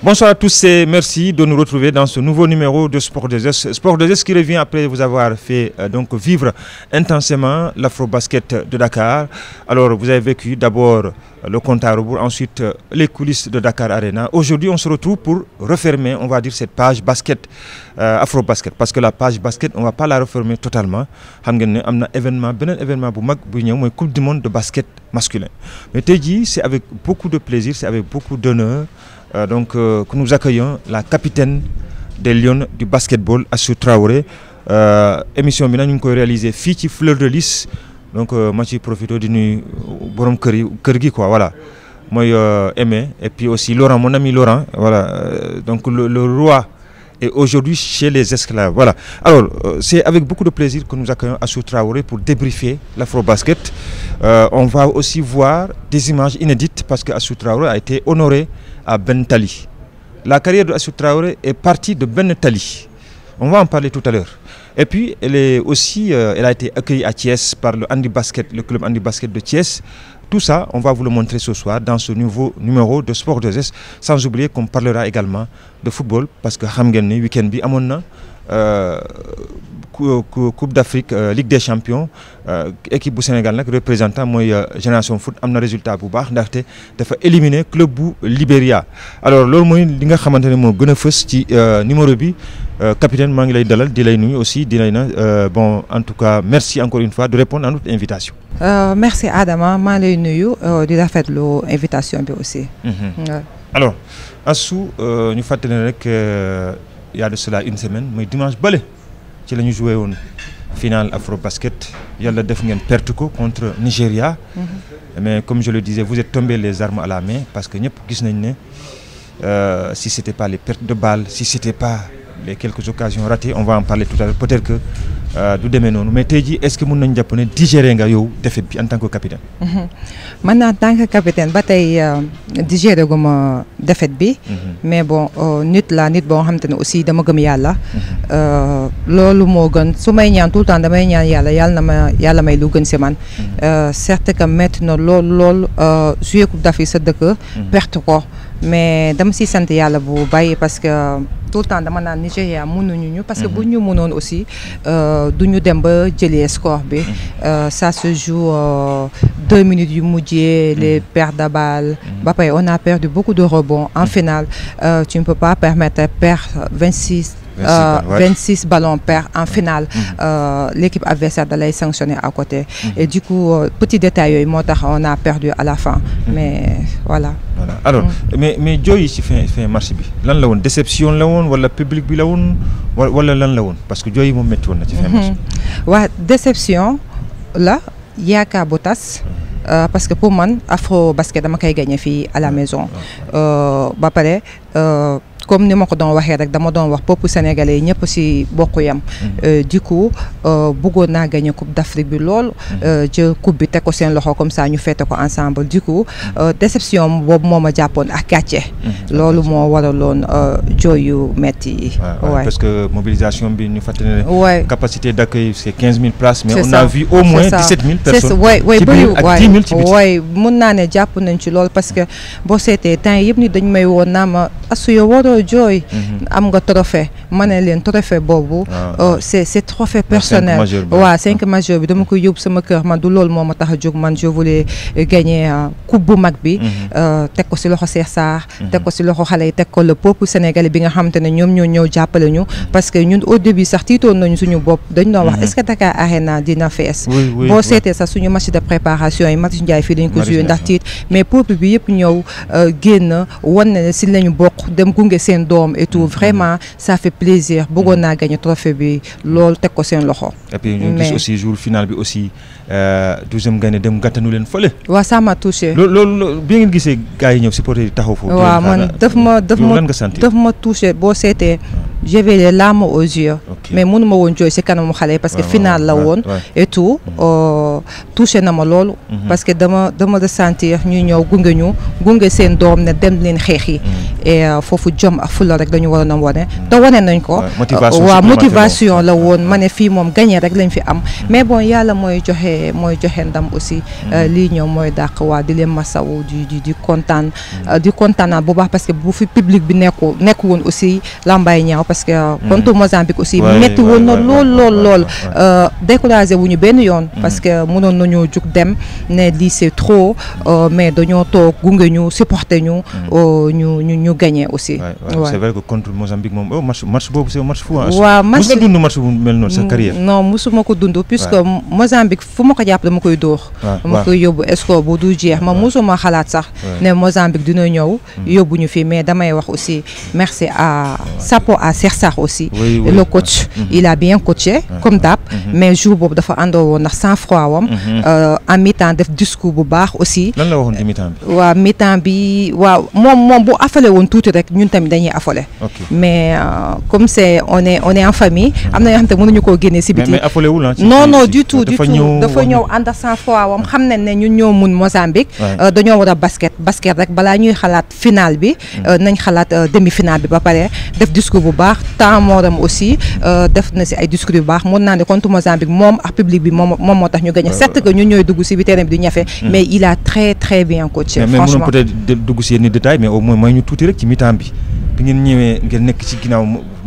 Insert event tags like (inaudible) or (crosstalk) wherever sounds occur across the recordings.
Bonsoir à tous et merci de nous retrouver dans ce nouveau numéro de Sport 2S. Sport 2S qui revient après vous avoir fait euh, donc vivre intensément l'afro-basket de Dakar. Alors vous avez vécu d'abord euh, le compte à rebours, ensuite euh, les coulisses de Dakar Arena. Aujourd'hui on se retrouve pour refermer, on va dire, cette page basket, afro Parce que la page basket, on ne va pas la refermer totalement. xam ngeen ne na événement beneen événement bu mag bu ñëw mooy coupe du monde de basket masculin Euh, donc euh, que nous accueillons la capitaine des Lions du basketball Assou Traoré euh, émission bi nag ñu ngi koy fii ci Fleur de lis donc ma ci profité di nuyu borom kër yi kër gi quoi voilà mooy Aimé et puis aussi Laurent mon ami Laurent voilà donc le le roi est aujourd'hui chez les esclaves voilà alors c'est avec beaucoup de plaisir que nous accueillons Assou Traoré pour débriefer l'Afrobasket on va aussi voir des images inédites parce que Assou Traoré a été honoré à benn Tali. La carrière de Assou Traoré est partie de benn Tali. On va en parler tout à l'heure. Et puis, elle est aussi, euh, elle a été accueillie à Thiès par le Andy Basket, le club Andy Basket de Thiès. Tout ça, on va vous le montrer ce soir dans ce nouveau numéro de Sport 2S. Sans oublier qu'on parlera également de football, parce que Hamgen, week-end, bi, na Euh, coupe d'Afrique euh, Ligue des champions euh, équipe bu Sénégal nag représentant mooy génération foot am na résultat bu baax ndaxte dafa éliminer club bu Libéria alors loolu mooy li nga xamante ne moo gën a fës ci numéro bi capitaine maa ngi lay dalal di lay nuyu aussi di lay na bon en tout cas merci encore une fois de répondre à notre invitation. merci Adama maa lay nuyu di rafetlu invitation bi aussi. Mhm. alors Assou ñu fàttali rek. y a de cela une semaine mooy dimanche bële ci la ñu joué woon finale Afrobasket yàlla def ngeen perte ko contre Nigéria. Mhm. mais comme je le disais vous êtes tombés les armes à parce que ñëpp gis nañ ne euh, si c'était pas les pertes de balles si c'était pas. les quelques occasions ratées on va en parler tout à l'heure euh, mais mhm. ba tey euh, ma défaite bi. Mhm. bon euh, nit la nit boo xamante ne aussi dama gëm yàlla. Mhm. loolu moo gën su may ñaan tout le temps damay ñaan yàlla yàlla na ma yàlla may lu gën si man. certes que métti na lool lool jouer coupe d'Afrique sa dëkk. perte ko mais dama siy sant yàlla bu bàyyi parce que. tout le temps dama naan Nigéria mënuñu ñu parce que mhm. bu ñu mënoon aussi euh, du ñu dem ba jëlee score bi mhm. euh, ça se joue euh, deux minutes yu mujjee mhm. les pertes de balle ba pare on a perdu beaucoup de rebonds en finale tu ne peux pas permettre perdre vingt six vingt six ballons perdus en finale l'équipe adversaire da lay sanctionner à côté et du coup petit détail yooyu moo tax on a perdu à la fin mais voilà voilà alors mais mais jooy yi ci fin fin marché bi lan la woon déception la woon wala public bi la woon wala lan la woon parce que jooy yi moom métti woon na ci fin marché waa mm-hmm. déception la yaakaar bu tas mm-hmm. euh, parce que pour man afro basket dama koy gagné fii à la maison euh, ba pare euh, comme ni ma ko doon waxee rek dama doon wax peuple sénégalais yi ñëpp si bokku yam mm-hmm. euh, du coup euh, bëggoon naa gagné coupe d'Afrique bi lool mm-hmm. euh, jël coupe bi te ko seen loxo comme ça ñu fete ko ensemble du coup mm-hmm. déception boobu moom a jàppoon ak gàcce loolu moo waraloon jooyu metti yi waaw parce que mobilisation bi ñu fàttali ne capacité d'accueil c'est quinze mille places mais on a vu au moins dix-sept mille personnes waay waay bëriw mun naa ne jàpp nañ ci loolu parce que boo seetee temps yëpp dañ may woon naa ma dañoo jooy. Mhm. am nga trophée ma ne leen trophée boobu. Ah, euh, c'est c'est trophée personnel. waaw cinq ah. majeur bi dama koy yóbbu sama kër man du loolu moom ma tax a jóg man je voulais euh, gagner euh, coupe bu mag bi. Mhm. teg ko si loxo Cheikh Sarr. Mhm. teg ko si loxo xale yi teg ko le peuple sénégalais bi nga xam xamante ne ñoom ñoo ñëw jàppale ñu. parce que ñun au début sax tiitoon nañu suñu bopp dañ doon wax est que Dakar Arena dina fees. boo seetee sax suñu match de préparation yi Marius Ndiaye fii dañ ko mais peuple bi yëpp ñëw génn wan seen doom et tout mm-hmm. vraiment ça fait plaisir bëggoon naa gagné trophée bi loolu teg ko seen loxo. mais et puis ñu jour final bi aussi. Euh, douzième Gaindé dem gatanu leen fële. waaw ça m'a touché. loolu loolu bi ngeen gisee gars yi ñëw supporter yi taxaw foofu. waaw man daf ma daf ma daf boo seetee. Ah. j'avais les larmes aux yeux. mais mënuma woon jooy si kanamu xale yi parce que final la woon. et tout mm. euh, na ma loolu. Mm-hmm. parce que dama dama ressentir ñuy ñëw gunge ñu gunge seen doom ne dem leen xeex yi. Mm. Euh, foofu jom ak fulla rek dañu waroon a wane. Mm. te wane nañ ko. waaw motivation la woon ma ne fii moom gagné rek lañ fi am. mais bon joxe eh, mooy joxe ndam aussi mm-hmm. euh, lii ñëw mooy dàq waa di leen masawu di di di kontaan mm-hmm. euh, di kontaanaat bu baax parce que bu fi public bi nekku nekk woon aussi lambay ñaaw parce que euh, mm-hmm. contre Mozambique aussi métti woon na lool lool lool découragé wu ñu benn yoon parce que mënoon nañoo jug dem ne lii c'est trop mais dañoo toog gunge ñu supporter ñu ñu ñu ñu gagné aussi c'est vrai que contre Mozambique moom oh, match match boobu c'est match fou waaw match mos ko dund puisque Mozambique fu ma ko jàpp dama koy dóor ah, dama koy yóbbu esco bu du jeex ma ah. mosuma xalaat sax hmm. ñu fii mais damay wax aussi merci à Sapo à Cheikh Sarr aussi le coach ah. mhm. il a bien coaché comme d'hab mhm. mais jour boobu dafa àndoo woon ndax sans froid wam mhm. en euh, mi-temps bu baax aussi la waxoon ci mi bi waaw mi-temps bi waaw moom bu affolé woon tuuti rek ñun tamit dañuy affolé mais euh, comme c'est on est on est en famille am na yoo xam te mënuñu koo génne si biti non non du tout du tout dafa ñëw ànd ak sang xam nañ ne ñun ñoo mun Mozambique euh, dañoo war a basket basket rek balaa ñuy xalaat final bi mm. euh, nañ xalaat euh, demi final bi ba pare def discours bu baax temps mooram aussi def na si ay discours yu baax mun naa ne contre Mozambique moom ak public bi moom moo tax ñu gagné certes que ñun ñooy dugg si bi bi du ñafe mm. mais il a très très bien coaché franchement mais mënoon peut-être dugg si yenn détail mais au moins may ñu tuuti rek ci mi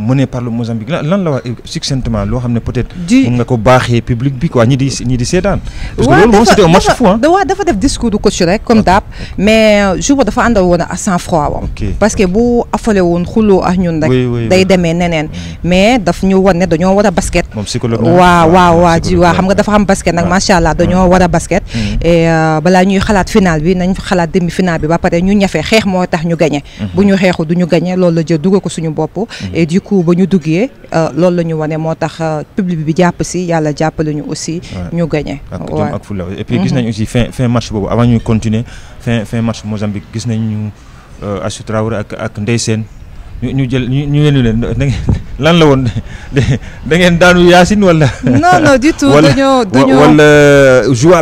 menée par le Mozambique lan lan la wax succinctement loo xam ne peut-être. ji mun nga ko baaxee public bi quoi ñi ñi di seetaan. parce dafa def discours du coach rek comme d'hab mais euh, jour ba dafa àndal woon à sang froid wam parce que bu affalee woon xuloo ak ñun rek. day demee neneen mm. mais daf ñu war ne dañoo war a basket. moom psychologue waa xam nga dafa am basket nag macha allah dañoo war a basket. Mm. et euh, balaa ñuy xalaat final bi nañ xalaat demi final bi ba pare ñu ñafe xeex moo tax ñu gagné. Mm-hmm. bu ñu xeexu du ñu gagné loolu la coup ba ñu duggee euh, lool la ñu wane moo tax euh, public bi jàpp si yàlla jàppale ñu aussi. ñu gagné waaw ak fulla et puis gis mhm. nañ aussi fin fin match boobu avant ñuy continuer fin fin match Mozambique gis nañ ñu euh, Astou Traoré ak ak Ndeye ñu ñu jël ñu ñu la woon da ngeen daanu yaasin wala. non non du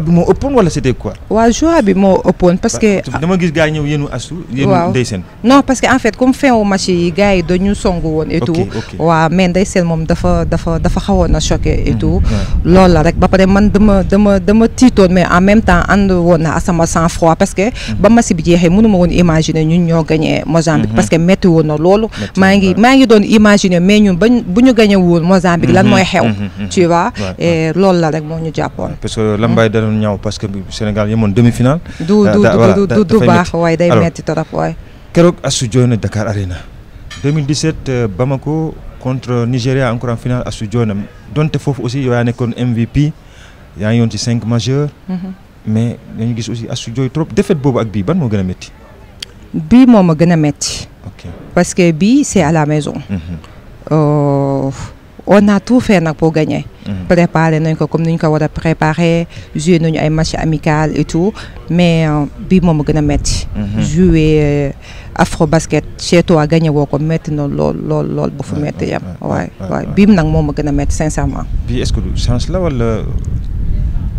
bi moo ëppoon wala c'était quoi. waaw joie bi moo ëppoon parce que. dama gis gars yi ñëw yéenu astu. waaw yéenu ndeysaan. non que en fait comme fin yi gars yi dañu songu woon. et tout waaw mais moom dafa dafa dafa xawoon na choqué et hmm, loolu la rek ba pare man dama dama dama tiitoon mais en même temps ànd woon na sama sang froid que. Hmm. ba match bi jeexee mënu ma woon imaginer ñun ñoo gagné Mozambique. Hmm, parce que métti woon na loolu. maa ngi maa ngi doon imaginer mais ñun bañ bu ñu gañe woon Mozambique lan mm-hmm. mooy xew mm-hmm. tu vois la rek moo ñu jàppoon parce que lambaay danoon ñaaw parce que Sénégal yemoon demi-finale du du du baax waay day metti trop waay keroog Astou na Dakar Arena 2017 euh, Bamako contre Nigéria encore en finale Astou jooy na donte foofu aussi yow yaa nekkoon MVP yaa ngi yoon ci cinq majeurs mm-hmm. mais dañu gis aussi Astou trop défaite boobu ak bii ban moo gën a métti bii moom a gën a metti parce que bii c'est à la maison mhm. euh, on a tout fait nag pour gagner mhm. préparé nañ ko comme ni ñu ko war a préparé joué nañu ay match amical et mais euh, bii moom a gën a metti mhm. joué euh, afro basket chez toi gagné woo ko metti na lool lool lool ba fu metti yam waay waay biim nag moom a gën a metti sincèrement bii est chance la wala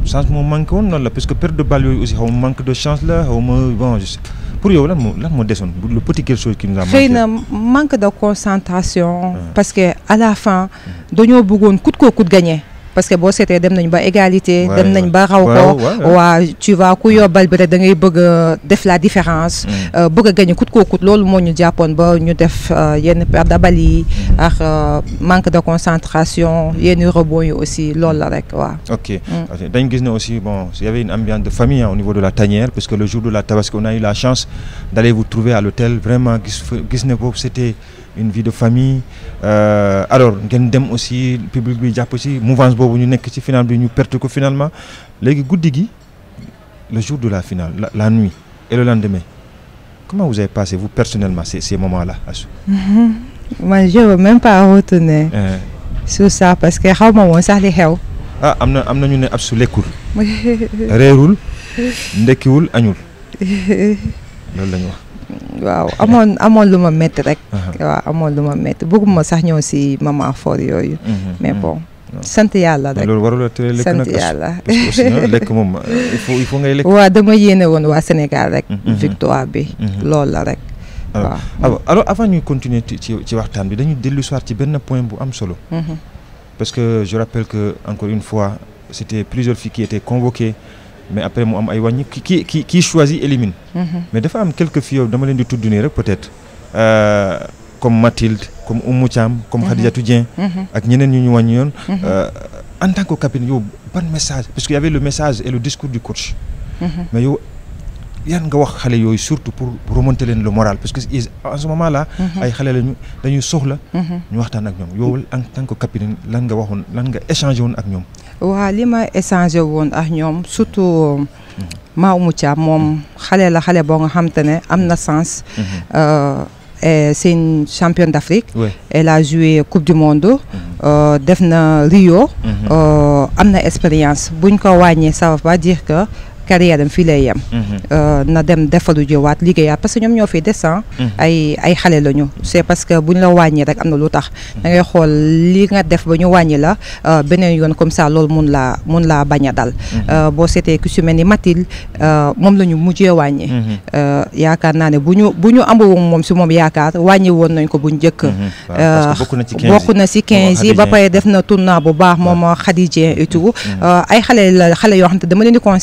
chance moo manqué woon noonu la parce que perte de balle yooyu aussi xaw manque de chance la xaw ma bon je pour yow lan moo lan moo desoon le petit quelque chose qui nous a manqué xëy na manque de concentration. parce que à la fin dañoo bëggoon coûte que coûte gagné. parce que boo seetee dem nañ ba égalité dem nañ ba raw ko waa tu vois ku yobbal bi rek da ngay bëgg euh, def la différence mm. euh, bëgg a gagné coûte que loolu moo ñu jàppoon ba ñu def euh, yenn perte de balle yi mm-hmm. ak manque de concentration yenn rebond yi aussi loolu la rek waaw mm. ok dañ gis ne aussi bon il y avait une ambiance de famille au niveau de la tanière parce que le jour de la tabaski on a eu la chance d'aller vous trouver à l'hôtel vraiment gis ne boobu c'était une vie de famille euh, alors ngeen dem aussi public bi jàpp ci mouvance boobu ñu nekk ci final bi ñu perte ko finalement léegi guddi gi le jour de la finale la, la nuit et le lendemain comment vous avez passé vous personnellement ces ces moments-là Astou. (laughs) man je veux même pas ça parce que xaw ma woon xew. Ah, am na am na ñu ne Astou lekkul. (laughs) reerul ndekkiwul añul (laughs) loolu la ñu wax. waaw amoon amoon lu ma métti rek. waaw amoon lu ma métti bëgguma sax ñëw si maman for yooyu. Mhm, mhm. mais bon. sant yàlla rek loolu warul tere lekk nag sant yàlla lekk moom ma euh, faut il faut ngay lekk. waaw dama yéene woon waa Sénégal rek. Mhm, victoire bi. loolu la rek. waaw alors alors avant ñuy continuer ci ci waxtaan bi dañu dellu soir ci benn point bu am solo. parce que je rappelle que encore une fois c'était plusieurs filles qui étaient convoquées. mais après mu am ay wàññi ki ki kii choisit élimine. Mm-hmm. mais dafa am quelques filles dama leen di tudd nii rek peut-être euh, comme Mathilde comme Oumou Thiam. comme mm-hmm. Khadijatou Dieng. Mm-hmm. ak ñeneen ñu ñu wàññi yoon. Euh, en tant que capitaine yow ban message parce que y le message et le discours du coach. mais yow yan nga wax xale yooyu surtout pour remonter leen le moral parce que en ce moment là. ay xale lañu dañuy soxla. ñu waxtaan ak ñoom yow en tant que capitaine lan nga waa li ma échangé woon ak ñoom surtout euh, Maomu Thiam moom xale la xale boo nga xam ne am na sens. Euh, c'est une championne d'Afrique. elle la joué coupe du monde. Mhm. Euh, def na Rio. Mhm. am na expérience buñ ko wàññee ça veut pas dire que. carrière am fii lay yem mhm. euh, na dem defalu jiwaat liggéeyaat parce que ñoom ñoo fi des ah. mhm. ay ay xale lañu c'est parce que buñ la wàññi rek am na lu tax mhm. da xool li nga def ba ñu wàññi la euh, beneen yoon comme ça loolu mun laa mun laa bañ a dal euh, boo seetee ku si mel ni Mathilde moom la ñu mujjee wàññi yaakaar naa ne bu ñu bu ñu amul moom si moom yaakaar wàññi woon nañ ko bu njëkk bokk na si quinze yi ba pare def na tournoi bu baax moom Khadijien et tout ay xale la xale yoo xam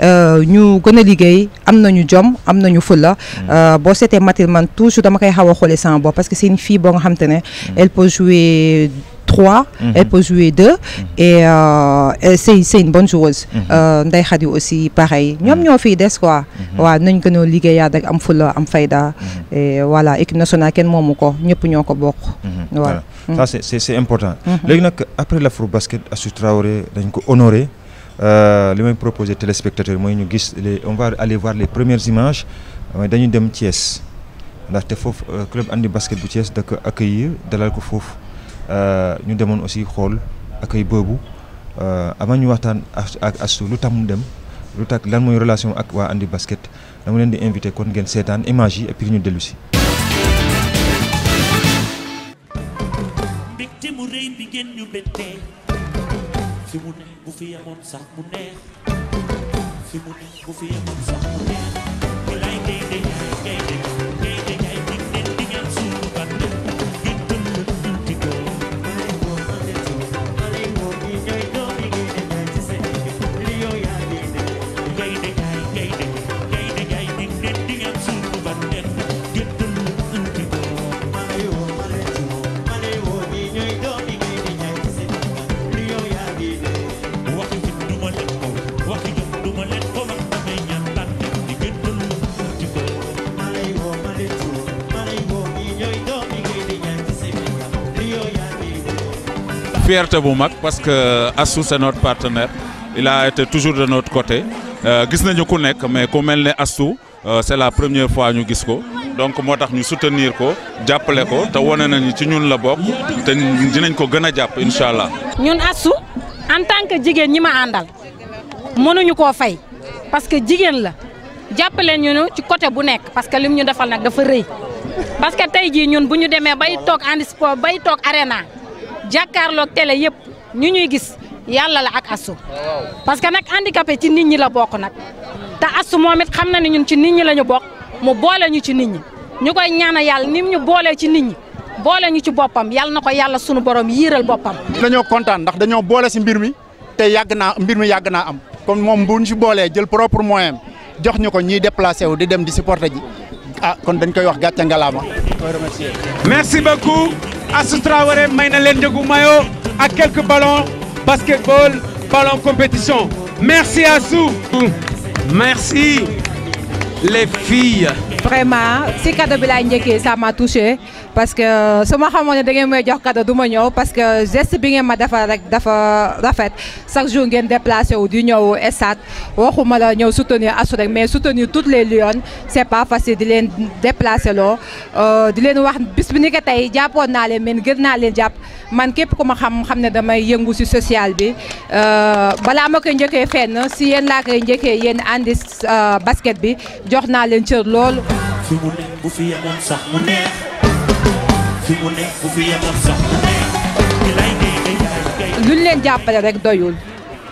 Euh, ñu gën a liggéey am nañu jom am nañu fulla mm. euh, boo seetee Mathilde man toujours dama koy xaw a xoolee sama bopp parce que c'est fii fille boo nga xam ne mm. elle peut jouer trois mm-hmm. elle peut jouer deux mm-hmm. euh, et c'est c'est une bonne joueuse mm-hmm. aussi pareil ñoom ñoo fii des quoi waa nañ gënoo liggéeyaat ak am fulla am fayda et voilà équipe nationale kenn moomu ko ñëpp ñoo ko bokk voilà ça c'est important léegi nag après l'Afrobasket Astou Traoré dañ ko honoré Euh, li may proposer téléspectateurs mooy ñu gis les on va aller voir les premières images mooy dañu dem Thiès ndaxte foofu euh, club andi basket bu Thiès da ko accueillir dalal ko foofu euh, ñu demoon aussi xool accueil boobu avant ñu waxtaan ak astu lu tax mu dem lu tax lan mooy relation ak waa andi basket dama leen di invité kon ngeen seetaan image yi et puis ñu dellu si. fi yemoon sax mu neex fi mu neex bu fi yemoon sax fierté bu mag parce que Assou c'est notre partenaire il a toujours de notre côté euh, gis nañu ku nekk mais ku mel ne Assou euh, c'est la première fois ñu gis ko donc moo tax ñu soutenir ko jàppale ko te wane nañu ci ñun la bokk te dinañ ko gën a jàpp incha allah. ñun Assou en tant que jigéen ñi ma àndal mënuñu koo fay parce que jigéen la jàpp jàppale ñu ci côté bu nekk parce que lim ñu defal nag dafa rëy parce que tey jii ñun bu ñu demee bay toog Handisport bay toog Arena. jàkkaarloog tele yëpp ñu ñuy gis yàlla la ak astu parce que nag handicapé ci nit ñi la bokk nag te asu moom it xam na ni ñun ci nit ñi la ñu bokk mu boole ñu ci nit ñi ñu koy ñaana yàlla nit ñu boolee ci nit ñi boole ñu ci boppam yàlla na ko yàlla sunu borom yiiral boppam. dañoo kontaan ndax dañoo boole si mbir mi te yàgg naa mbir mi yàgg naa am kon moom bu ñu si boolee jël propre moyen jox ñu ko ñuy déplacé wu di dem di si supporter ji. ah kon dañ koy wax gàcce ngalaama. merci beaucoup Astou Traoré may na leen njëgu mayo ak quelques ballons basketball ballon compétition merci Astou. merci les filles. vraiment si cadeau bi laay njëkkee ça parce que euh, su ma xamoon ne da ngeen may jox cadeau du ma ñëw parce que geste bi ngeen ma defal rek dafa rafet chaque jour ngeen déplacé wu di ñëw stade waxuma la ñëw soutenir asu rek mais soutenir toutes les Lyon c'est pas facile di leen déplacé loo euh, di leen wax bis bi ni ko tey jàppoon naa leen man gën naa leen jàpp man képp ku ma xam xam ne damay yëngu si sociale bi euh, balaa ma koy njëkkee fenn si yéen laa koy njëkkee yéen andi basket bi jox naa leen cër lool. fi mu luñ leen jàppale rek doyul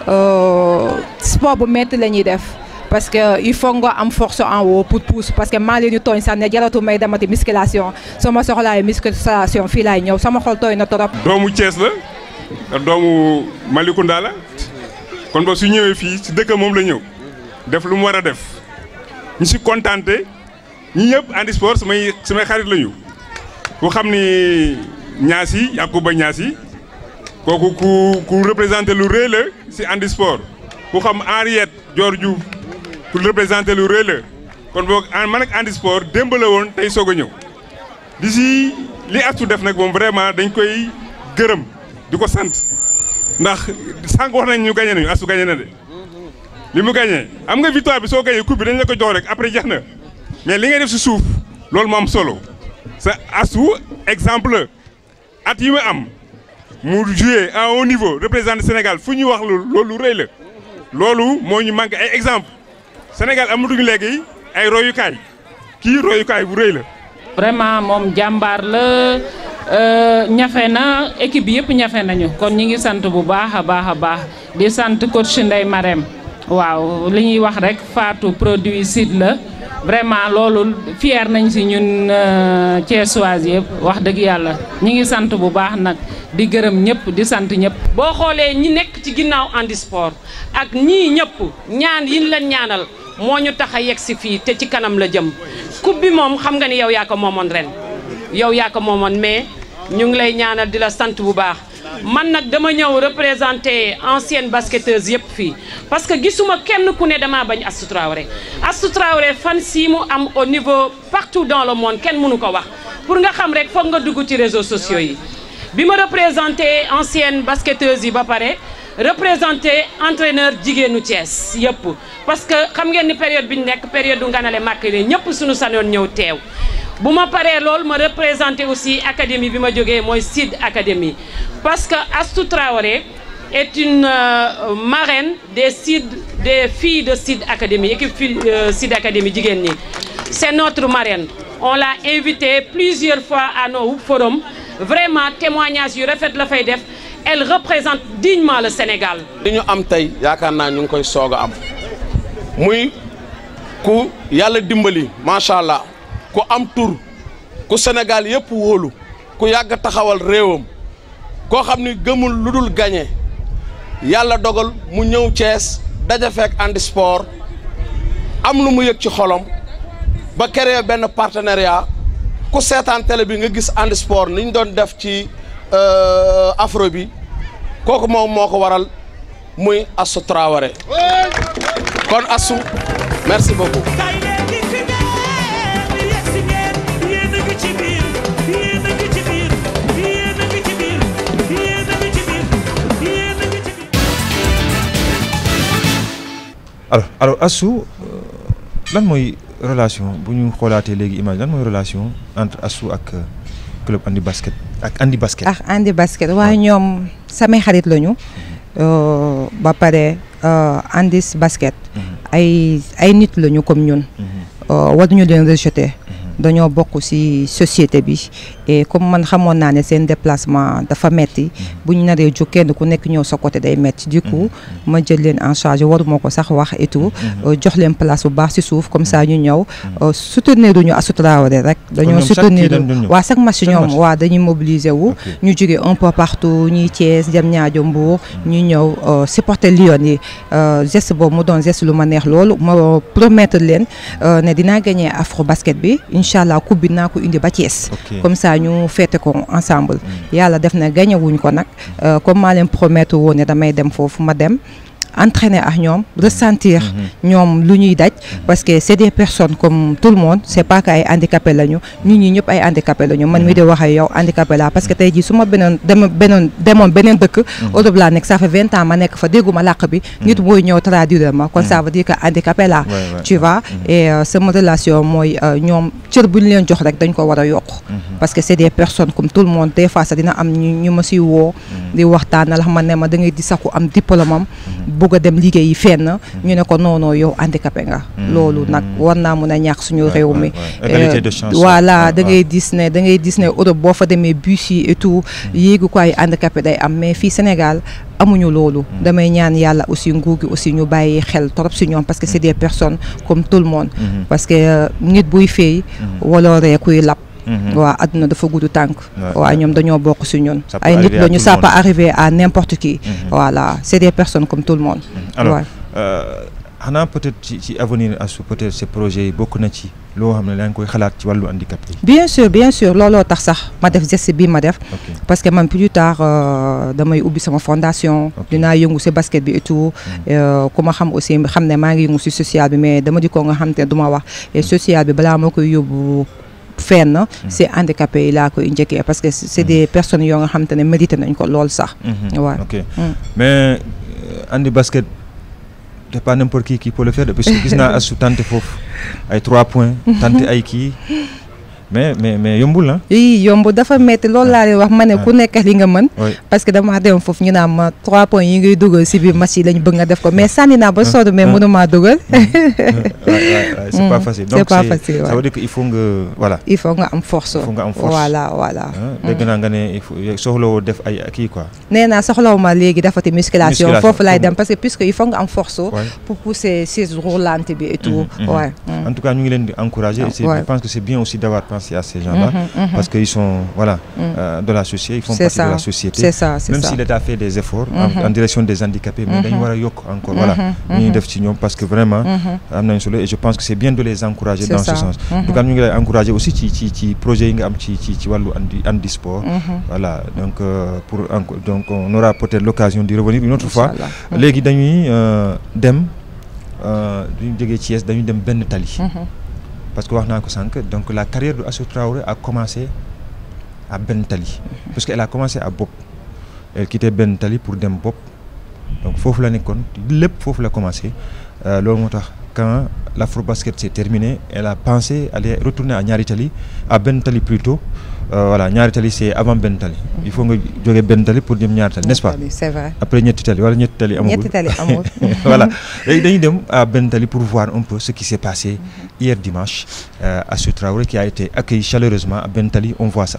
euh, sport bu metti lañuy def parce que euh, il faut nga am force en haut pour pousse parce que maa leen di tooñ sax ne jaratu may demati musculation sama soxlaay musculation fii laay ñëw sama xol tooy na trop. doomu Thiès la doomu Malicounda la kon ba su ñëwee fii si dëkk moom la ñëw def lu mu war a def ñu si kontaante ñi ñëpp handisport samay samay xarit la ku xam ni Niassy Yacouba Niassy kooku ku ku représenté lu rëy la si andi sport ku xam Henriette Dior Diouf ku représenté lu rëy la kon boog man ak andi sport démb woon tey soog a ñëw di si li Astou def nag moom vraiment dañ koy gërëm di ko sant ndax sànq nañ ñu gagné nañu Astou gagné na de li mu gagné am nga victoire bi soo gagné coupe bi dañ la ko jox rek après jeex na mais li ngay def si suuf loolu moo am solo. sa asu exemple at yi ma am mu joué à haut niveau représente Sénégal fu ñuy wax loolu rëy la loolu moo ñu manqué ay exemple Sénégal amatuñu léegi ay royukaay kii royukaay bu rëy la. vraiment moom jàmbaar la euh, ñafe na équipe yëpp ñafe nañu kon ñi ngi sant bu baax a baax a baax di sant coach Ndeye Marème waaw li ñuy wax rek Fatou produit site la. vraiment loolu fier nañu si ñun euh, Thiessois yëpp wax dëgg yàlla ñi ngi sant bu baax nag di gërëm ñëpp di sant ñëpp. boo xoolee ñi nekk ci ginnaaw Handi ak ñii ñëpp ñaan yiñ la ñaanal moo ñu tax a yegg si fii te ci kanam la jëm coupe moom xam nga ni yow yaa ko moomoon ren yow yaa ko moomoon mais ñu ngi lay ñaanal di la sant bu baax. man nag dama ñëw représenté ancienne basketteuse yëpp fii parce que gisuma kenn ku ne damaa bañ Astou Traoré Astou Traoré fan sii mu am au niveau partout dans le mone kenn munu ko wax pour nga xam rek foog nga dugg ci réseau sociaux yi bi ma représenté ancienne basketteuse yi ba pare représenté entraîneur jigéenu Thiès yëpp parce que xam ngeen ni période bi ñu nekk période du nganale màkk ne ñëpp suñu sanoon ñëw teew bu ma paree loolu ma représenté aussi académie bi ma jógee mooy Sud Académie parce que Astou Traoré est une euh, marraine des Sud des filles de Sud Académie équipe fille euh, Sud Académie jigéen ni c'est notre marraine on l'a invitée plusieurs fois à nos forums vraiment témoignage yu rafet la fay def elle représente dignement le Sénégal. li ñu am tey yaakaar naa ñu ngi koy soog a am muy ku yàlla dimbali macha allah. ku am tur ku Sénégal yëpp wóolu ku yàgg taxawal réewam koo xam ni gëmul lu dul gañe yàlla dogal mu ñëw Thiès daja fekk Andi am lu mu yëg ci xolam ba créé benn partenariat ku seetaan télé bi nga gis Andi Sport ni ñu doon def ci euh, afro bi kooku moom moo ko waral muy Assou Traoré kon Assou merci beaucoup alors alors Astou euh, lan mooy relation bu ñu xoolaatee léegi image lan mooy relation entre Astou ak euh, club andi basket ak indi basket. ak ah, andi basket waaw ah. ñoom samay xarit lañu mhm. euh, ba pare indi basket. Mhm. ay ay nit lañu comme ñun. Mhm. war ñu leen rejeter. dañoo bokk ci société bi et comme man xamoon naa ne seen déplacement dafa metti bu ñu naree jóg kenn ku nekk ñëw sa côté day metti du coup ma jël leen en charge waruma ko sax wax et euh, jox leen place bu baax ci suuf comme ça ñu ñëw euh, soutenir ñu Astou Traoré rek dañoo soutenir waa chaque match waa dañuy mobiliser wu ñu jugee un peu partout ñuy Thiès Diamniadio Mbour ñu ñëw euh, supporter Lions yi geste boobu mu doon geste lu ma neex loolu ma promettre leen ne dinaa gagner afro basket bi incha allah naa ko indi ba Thiès. comme ça ñu féete ko ensemble. Mm. yàlla def na gagné ko nag mm. euh, comme maa leen promettre woon ne damay dem foofu ma dem. entraîner ak ñoom ressentir mm-hmm. ñoom lu ñuy daj mm-hmm. parce que c'est des personnes comme tout le monde c'est pas que ay handicapé lañu ñun ñi ñëpp ay handicapé lañu mm-hmm. wax yow handicapé parce que tey jii su ma benoon dem benoon demoon beneen dëkk Europe laa nekk ça fait vingt nekk fa dégguma làkk bi nit mooy ñëw traduire ma kon ça veut dire euh, mooy euh, ñoom cër bu ñu leen jox rek dañ ko war a yokk parce que c'est des personnes comme tout le monde des fois sax dina am ñu ma siy ne ma da ngay di saku am diplôme am bëgg a dem liggéeyi fenn mm. ñu ne ko noonoo yow handicapé nga mm. loolu nag war naa mun a ñaax suñu réew mi euh, voilà da ngay gis ne da ngay gis ne Europe boo fa demee bus yi et mm. yéegu ko ay handicapé day am mais fii Sénégal amuñu loolu damay ñaan yàlla aussi nguur gi aussi ñu bàyyi xel trop si ñoom parce que c'est des personnes comme tout le monde mm-hmm. parce que euh, nit buy fay mm-hmm. wala ree kuy lap Mm-hmm. waa àdduna dafa gudd tànk waa ñoom dañoo bokk si ñun ay nit lañu ça peut arriver à n'importe qui mm-hmm. voilà c'est des personnes comme tout le monde mm-hmm. alors euh, xanaa peut-être ci ci avenir asu peut-être ces yi bokk na ci loo xam ne daa ngi koy xalaat ci wàllu handicap yi bien sûr bien looloo tax sax ma def geste bi ma def parce que man plus tard euh, damay ubbi sama fondation dinaa yëngu si basket bi et tout mm. euh, ku ma xam aussi ma xam ne maa ngi yëngu si social bi mais dama di ko nga xam te duma wax et mm. social bi balaa moo koy yóbbu fenn mhm. si handicapé yi laa koy njëkkee parce que c' est des mhm. personnes yoo nga xam te ne mérité nañ ko lool sax waaw mhm. ok mm. mais euh, andi basket c'est pas n'importe qui qui peut le faire de parce que gis naa (laughs) asu tante foofu ay trois points tante ay kii (laughs) mais mais mais yombul na. yii yomb dafa metti loolu laa leen wax ma ne ku nekk li nga mën. parce que damaa dem foofu ñu naan ma trois points yi ngay dugal si biir match yi lañ bëgg nga def ko mais sànni naa ba sonn mais mënumaa dugal. c'est pas mm. facile donc c'est pas facile dire nga am force. il faut nga am force voilà voilà. Ah, mm. dégg kii quoi. nee naa soxlawuma léegi dafati musculation. foofu laay dem parce que puisque il faut nga am force. pour pousser chaise roulante bi et tout. Mm-hmm, mm-hmm. Mm. en tout cas ñu ngi leen di encourager. Ah, je pense que c'est bien aussi d'avoir pense à ces gens-là. Mhm, mhm. parce qu'ils sont voilà, mhm. euh, de la société, ils font partie ça. de la société. C'est ça, c'est Même ça. si l'État fait des efforts en, direction des handicapés, mais dañu war a yokk encore voilà ñu def ci ñoom parce que vraiment am nañu solo et je pense que c'est bien de les encourager dans ce sens. donc am ñu ngi lay aussi ci ci projet yi nga am ci ci ci wàllu handi handisport. donc euh, pour encore donc on aura revenir une autre fois. léegi dañuy euh, dem euh, duñu jógee dem benn tali. parce que wax naa ko sànq donc la carrière de Astou Traoré a commencé à Bène Tally mhm. parce que elle a commencé à Bopp elle quittait Bène Tally pour dem Bopp donc foofu la nekkoon lépp foofu la commencé euh, loolu moo tax quand l'afro basket s'est terminer elle a pensé aller retourner à Niary Tally à Bène Tally plutôt Euh, voilà ñaari tali c'est avant benn tali. il faut nga jógee benn tali pour jëm ñaari tali n'est-ce pas. c'est vrai après ñetti tali wala ñetti tali. amagul ñetti tali amul. (laughs) voilà léegi dem à benn tali pour voir un peu ce qui s'est passé hier dimanche euh, à Sou Traoré qui a été accueilli chaleureusement à benn tali on voit ça.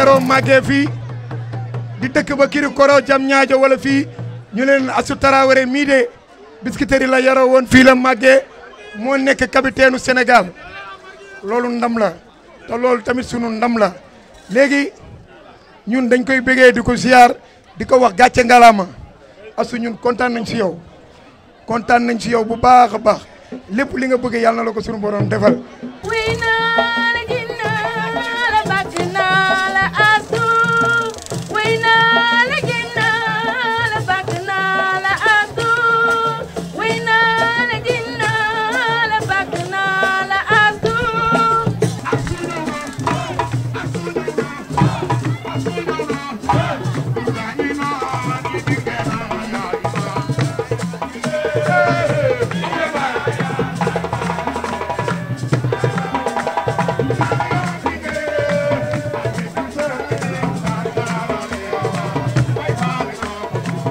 yaroo magge fii di dëkk ba kiri koro jam ñaajo wala fii ñu leen Astou Traoré mii de Biscuiterie la yaroo woon fii la màggee moo nekk capitaine senegal loolu ndam la te loolu tamit sunu ndam la léegi ñun dañ koy bëggee di ko ziar di ko wax gàcce ngalaama Astou ñun kontaan nañ si yow kontaan nañ si yow bu baax a baax lépp li nga bëgg yàlla na la ko sunu borom defal.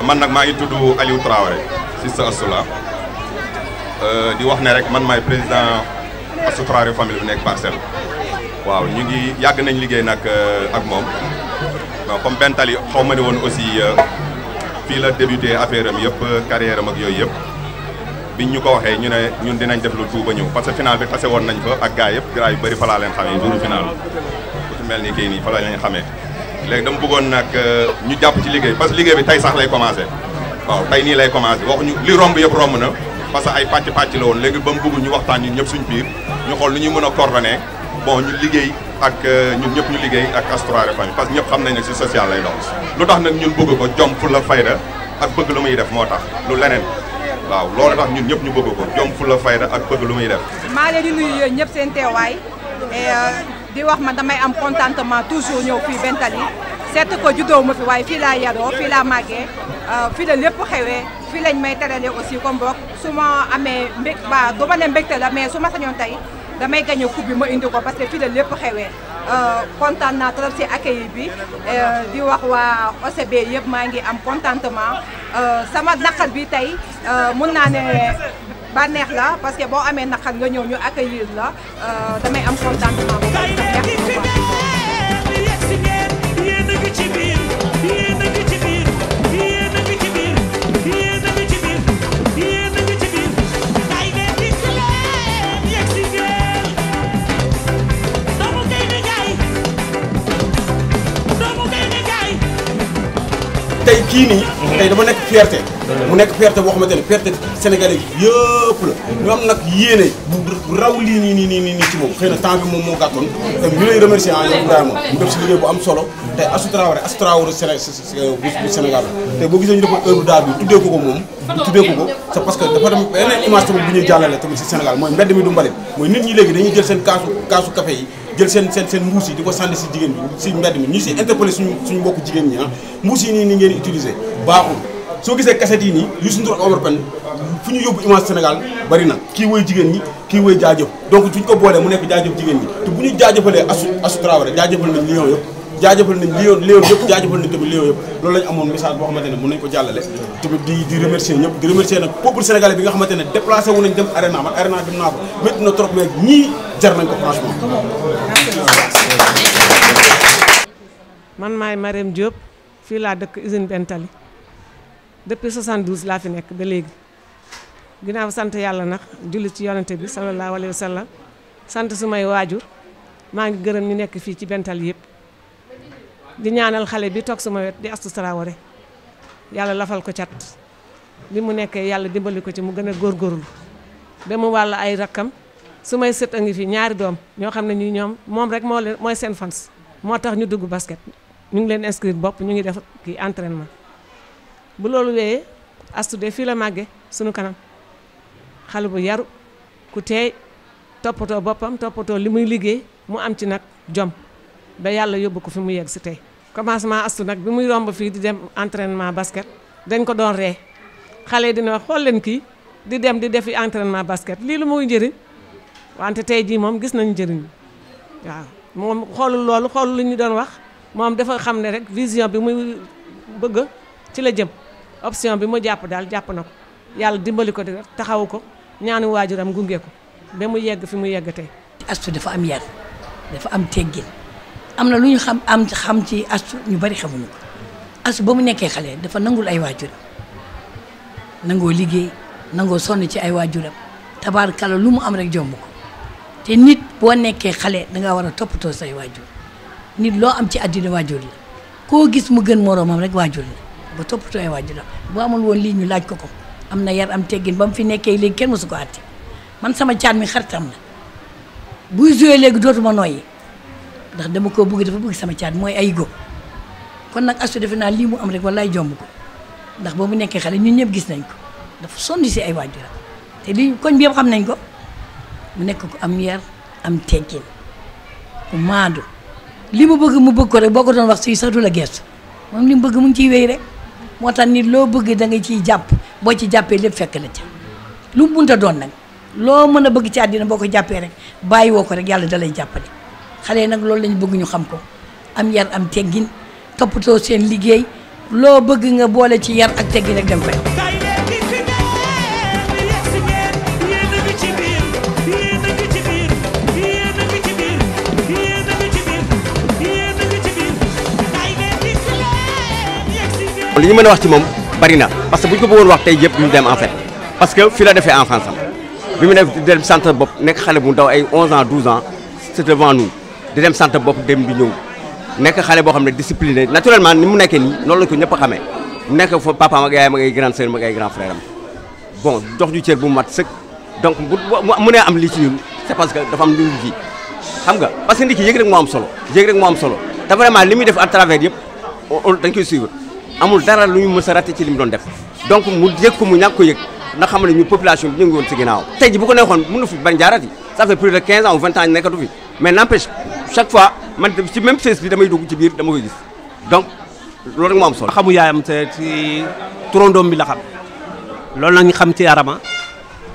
man nag maa ngi tudd Aliou Traoré Sista Assoula euh, di wax ne rek man maay président Assou Traoré famille bu nekk waaw ñu ngi yàgg nañ liggéey nag euh, ak moom comme benn tali xaw ma ne woon aussi euh, fii la débuté affaire am yëpp carrière am ak yooyu yëpp bi ñu ko waxee ñu ne ñun dinañ def lu tout ba ñëw parce que bi tase woon nañ fa ak gars yëpp gars yu bëri fa laa leen xamee jour final ku ci mel ni kii nii fa la leen xamee. léegi dama bëggoon nag euh, ñu jàpp ci liggéey parce que liggéey bi tey sax lay commencé waaw tey nii lay commencé waxuñu li romb yëpp romb na parce que ay pàcc pàcc la woon léegi ba mu bëgg ñu waxtaan ñun ñëpp suñu biir ñu xool nu ñuy mën a coordonné bon ñu liggéey ak euh, ñun ñëpp ñu liggéey ak Astra famille parce que ñëpp xam nañ ne si social lay doon lu tax nag ñun bëgg ko jom fu la fayda ak bëgg lu muy def moo tax lu leneen waaw loolu tax ñun ñëpp ñu bëgg ko jom fu la fayda ak bëgg lu muy def maa leen di nuyu yéen ñëpp seen teewaay euh, di wax ma damay am contentement toujours ñëw fii Bentali seet ko juddoo ma fi waaye fii laa yaroo fii laa màggee euh, fii la lépp xewee fii lañ may teralee aussi comme boog su ma amee mbég ba du ma ne mbégte la mais su ma sañoon tey damay gagné coupe bi ma indi ko parce que fii la lépp xewee euh, kontaan naa trop si accueil bi euh, di wax waa OCB yëpp maa ngi am contentement sama naqar bi tey mun naa ne bànneex la parce que boo amee naqar nga ñëw ñu accueillir la euh, damay am contentement bu baax tey kii nii. tey dama nekk fierté. mu nekk perte boo xamante ne perte sénégalais yëpp la ñu am nag yéene bu raw lii nii nii nii nii nii moom xëy na temps moom moo gàttoon te ñu lay remercier ah si am solo te Astou Traoré Astou Traoré bu ko ko moom bu tuddee ko ko c'est parce que dafa dem beneen image tamit bu ñuy jàllale tamit si Sénégal mooy mbedd mi du mbalit ñi léegi dañuy jël seen kaasu mbuus yi nii ngeen utiliser baaxul soo gisee cassette yi nii Youssou Ndour ak Omar Pène fu ñu yóbbu image Sénégal bari na kii woy jigéen ñi kii woy jaajëf donc fu ñu ko boolee mu nekk jaajëf jigéen ñi te bu ñu jaajëfalee asu asu Traoré jaajëfal nañ Lion yëpp jaajëfal nañ Lion Lion yëpp jaajëfal nañ tamit Lion yëpp loolu ne mën nañ ko jàllale tamit di di remercier ñëpp di remercier nag peuple sénégalais bi nga xamante ne déplacé wu nañ dem arena man arena dem naa ko métti na trop mais ñii jar nañ ko franchement man maay Marème Diop fii laa dëkk usine Bentali depuis 72 laa fi nekk ba léegi ginnaaw sant yàlla nax julli ci yonante bi sallallahu alayhi wa sallam sant sumay waajur maa ngi gërëm ñu nekk fii ci bental yëpp di ñaanal xale bi toog suma wet di astu Traoré yàlla lafal ko cat bi mu nekkee yàlla dimbali ko ci mu gën a góorgóorlu ba mu wàll ay rakkam su may sët a ngi fi ñaari doom ñoo xam ne ñu ñoom moom rek moo leen mooy seen fans moo tax ñu dugg basket ñu ngi leen inscrire bopp ñu ngi def kii entraînement bu loolu wéyee astu de fii la màgge suñu kanam xale bu yaru ku teey toppatoo boppam toppatoo li muy liggéey mu am ci nag jom ba yàlla yóbbu ko fi mu yegg si tey commencement astu nag bi muy romb fii di dem entraînement basket dañ ko doon ree xale yi dina wax xool leen kii di dem di def defi entrenement basket lii lu muy njëriñ wante tey jii moom gis nañu njëriñ waaw moom xoolul loolu xoolul lu ñu doon wax moom dafa xam ne rek vision bi muy bëgg ci la jëm option bi mu jàpp daal jàpp na ko yàlla dimbali ko di taxaw ko ñaani waajuram gunge ko ba mu yegg fi mu yegg tey. astu dafa am yar dafa am teggin am na lu ñu xam am xam ci astu ñu bari xamuñu ko astu ba mu nekkee xale dafa nangul ay waajuram nangoo liggéey nangoo sonn ci ay waajuram tabaar kala lu mu am rek jomb ko te nit boo nekkee xale danga war a toppatoo say waajur nit loo am ci àddina waajur la koo gis mu gën moroomam rek waajur la. ba toppatoo ay waajuram boo amul woon lii ñu laaj ko ko am na yar am teggin ba mu fi nekkee léegi kenn mësu ko àtte man sama caat mi xaritam la buy joué léegi dootuma nooyi ndax dama ko bëgg dafa bëgg sama caat mooy ay go kon nag astu defe naa lii mu am rek wallaay jomb ko ndax boobu nekkee xale ñun ñëpp gis nañ ko dafa sondi si ay waajuram te lii koñ bi yëpp nañ ko mu nekk ko am yar am teggin ku maandu li mu bëgg mu bëgg ko rek boo ko doon wax si sa du la gerte moom li mu bëgg mu ngi ciy wéy rek moo tax nit loo bëgg da nga ciy jàpp boo ci jàppee lépp fekk la ca lu mu munta doon nag loo mën a bëgg ci àddina boo ko jàppee rek bàyyi woo ko rek yàlla dalay jàppale xale nag loolu lañu bëgg ñu xam ko am yar am teggin toppatoo seen liggéey loo bëgg nga boole ci yar ak teggin rek dem koy li ñu mën a wax ci moom bari na parce que bu ñu ko bëggoon wax tey yëpp ñu dem en fait parce que fi la defee enfance am bi mu nekk di dem bopp nekk xale bu ndaw ay 11 ans 12 ans c'est devant nous di dem centre bopp dem di ñëw nekk xale boo xam ne discipliné naturellement ni mu nekkee nii noolu la ko ñëpp a xamee mu nekk fa papaam ak yaayam ak ay grande sœur ak ay grand frère am bon jox ñu cër bu mat sëkk donc mu nee am lii ci ñun parce que dafa am lu ñu xam nga parce que nit ki solo yëg rek moo am solo te vraiment muy def à travers yëpp dañ amul dara lu ñu mës a raté ci li mu doon def donc mu yëg mu ñàkk ko yëg na xam ne ñu population bi ñu ngi woon ci ginnaaw tey ji bu ko neexoon mën na fi bañ jaarati ça fait plus de 15 ans ou 20 ans nekkatu fi mais n'empêche chaque fois man ci même phase bi damay dugg ci biir dama koy gis donc loolu rek moo am xamu yaayam te ci turandoom bi la xam loolu la xam ci yarama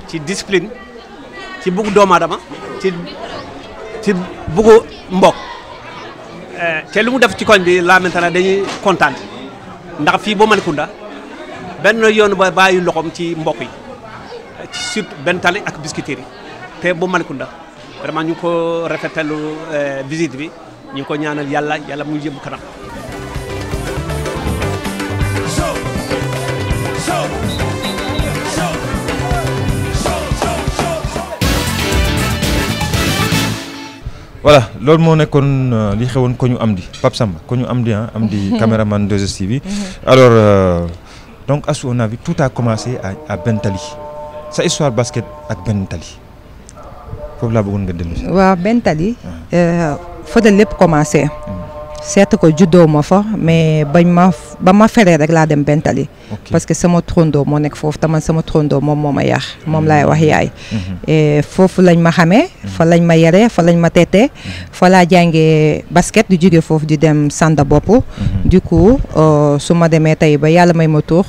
ci discipline ci bugg doom adama ci ci mbok mbokk euh, te lu mu def ci koñ bi la maintenant dañuy kontaan. ndax fii boo Malicounda benn yoon ba bàyyi loxoom ci mbokk yi surtout benn tali ak biscuiterie yi te boo Malicounda vraiment ñu ngi ko rafetalu eh, visite bi ñu ko ñaanal yàlla yàlla mu jëm kanam. voilà loolu moo nekkoon euh, li xewoon ko ñu am di Pape Samba ko ñu am di am di (laughs) caméraman 2STV bi mhm. alors euh, donc à son avis tout a commencé à Bentali sa histoire basket ak Bentali foofu la bëggoon nga dellu si. waaw Bentali euh, fa la lépp commencé. seet ko juddoo ma fa mais bañ ma ba ma feree rek laa dem Bentali parce que sama trondoo moo nekk foofu taman sama trondoo moom moo ma yar moom laay wax yaay mhm. foofu lañ ma xamee mhm. fa lañ ma yaree fa lañ ma teetee mhm. fa laa jàngee basket di jóge foofu di dem sanda bopp du coup euh, su ma demee tey ba yàlla may ma tuux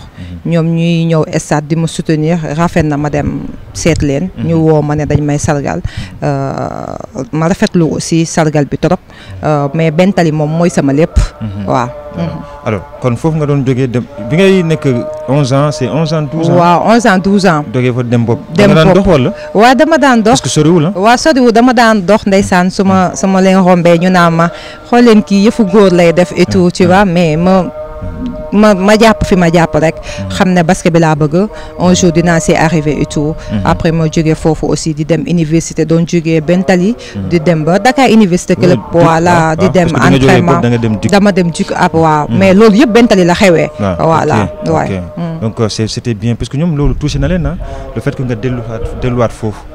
ñoom ñuy ñëw stade di ma soutenir rafet na ma dem seet leen. Mhm. ñu woo ma ne dañ may sargal euh, ma rafetlu aussi sargal bi trop euh, mais benn tali moom mooy sama lépp. Mhm. waaw. Mhm. alors kon foofu nga doon jógee dem bi ngay nekk 11 ans c'est 11 ans 12 ans. waaw 11 ans 12 ans. jógee fa dem bopp. dem bopp dama daan dox waaw dama daan dox parce que soriwul ah. leen rombee ñu naan ma xool leen kii yëfu góor lay def et tout tu mais ma. ma ma jàpp fi ma jàpp rek. Hmm. xam ne basket bi laa bëgg un jour dinaa si arrivé et hmm. après ma jógee foofu aussi di dem université doon jógee Bentali. Hmm. di dem ba Dakar université club. voilà ah, di ah, dem entraînement dama dem jukk ab waaw mais loolu yëpp Bentali la xewee. Ah, voilà waay donc euh, c'était ñoom loolu touché na leen ah le fait que nga delluwaat foofu.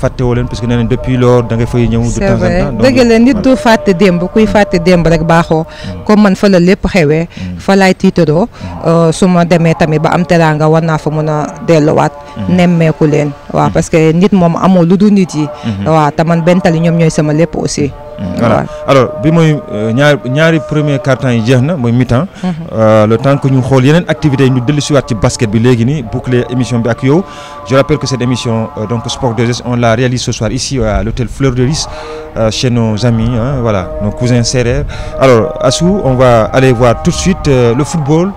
fàttewoo leen parce que nee nañ depuis lors da fay ñëw. de temps en temps dëgg la nit du fàtte démb kuy fàtte démb rek baaxoo. Hmm. comme man fa la lépp xewee. Hmm. fa laay tiitaroo. Hmm. Euh, su ma demee tamit ba am teraanga war naa fa mun a delluwaat. nemmeeku leen. waaw parce que nit moom amoo lu dul nit yi. waaw te man benn tali ñoom ñooy sama lépp aussi. Mm. voilà alors bi mooy euh, ñaar ñaari premier quart yi jeex na mooy mi-temps. Mm-hmm. Euh, le temps que ñu xool yeneen activités yi ñu dellusiwaat ci basket bi léegi ni boucler émission bi ak yow. je rappelle que cette émission euh, donc Sport 2S on la réalise ce soir ici à l'hôtel Fleur de Lys chez nos amis voilà nos cousins sérères alors Assou on va aller voir tout de suite le football.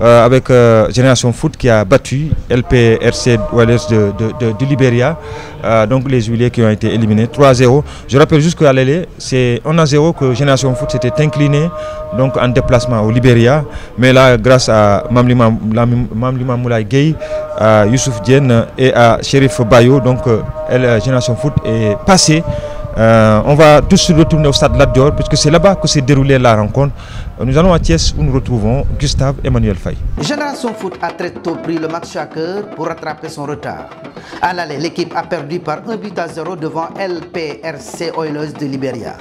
euh, avec euh, Génération Foot qui a battu LPRC Wallers de, de, Libéria. Euh, donc les huiliers qui ont été éliminés 3-0. Je rappelle juste qu'à l'aller, c'est 1-0 que Génération Foot s'était incliné donc en déplacement au Libéria. Mais là, grâce à Mamlima, Mamlima Moulay Gueye, à Youssouf Diène et à Sheriff Bayo, donc euh, Génération Foot est passé Euh, on va tous retourner au stade Lat Dior puisque c'est là-bas que s'est déroulée la rencontre. Nous allons à Thiès où nous retrouvons Gustave Emmanuel Faye. Génération Foot a très tôt pris le match à cœur pour rattraper son retard. À l'aller, l'équipe a perdu par 1 but à 0 devant LPRC Oilers de Libéria.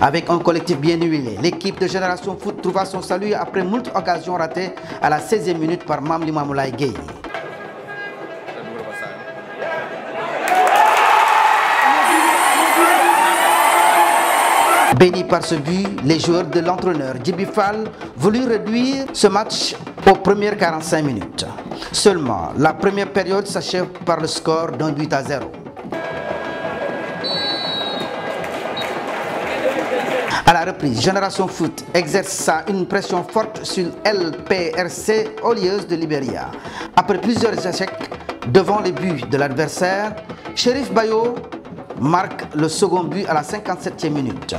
Avec un collectif bien huilé, l'équipe de Génération Foot trouva son salut après moult occasions ratées à la 16e minute par Mamli Mamoulaye Gueye. Bénis par ce but, les joueurs de l'entraîneur Djibi Fall voulurent réduire ce match aux premières 45 minutes. Seulement, la première période s'achève par le score d'un à 0. À la reprise, Génération Foot une pression forte sur LPRC au lieu Après plusieurs échecs devant les buts de l'adversaire, marque le second but à la 57e minute.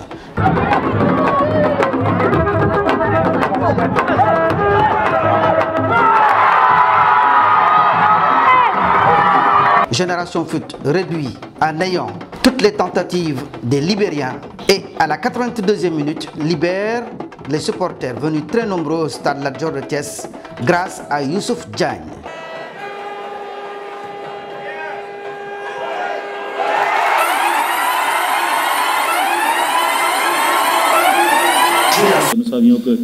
Génération Foot réduit en ayant toutes les tentatives des Libériens et à la 82e minute libère les supporters venus très nombreux au stade La Dior de Thiès grâce savions que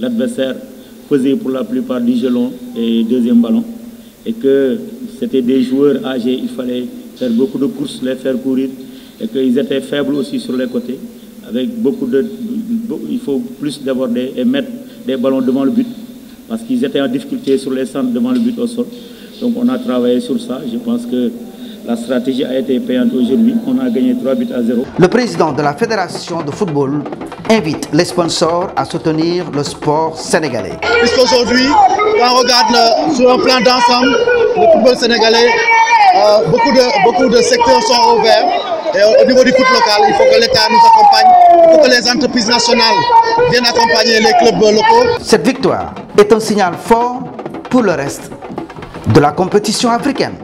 l'adversaire faisait pour la plupart du jeu long et deuxième ballon et que c'était des joueurs âgés, il fallait faire beaucoup de courses, les faire courir et qu'ils étaient faibles aussi sur les côtés. Avec beaucoup de, il faut plus déborder et mettre des ballons devant le but parce qu'ils étaient en difficulté sur les centres devant le but au sol. Donc on a travaillé sur ça. Je pense que La stratégie a été payante aujourd'hui. Le président de la Fédération de football invite les sponsors à soutenir le sport sénégalais. Puisqu'aujourd'hui, quand plan d'ensemble, le football sénégalais, euh, beaucoup, de, secteurs sont ouverts. Et au niveau du foot local, il faut que l'État nous accompagne, il que les entreprises nationales viennent accompagner les clubs locaux. Cette victoire est un signal fort pour le reste de la compétition africaine.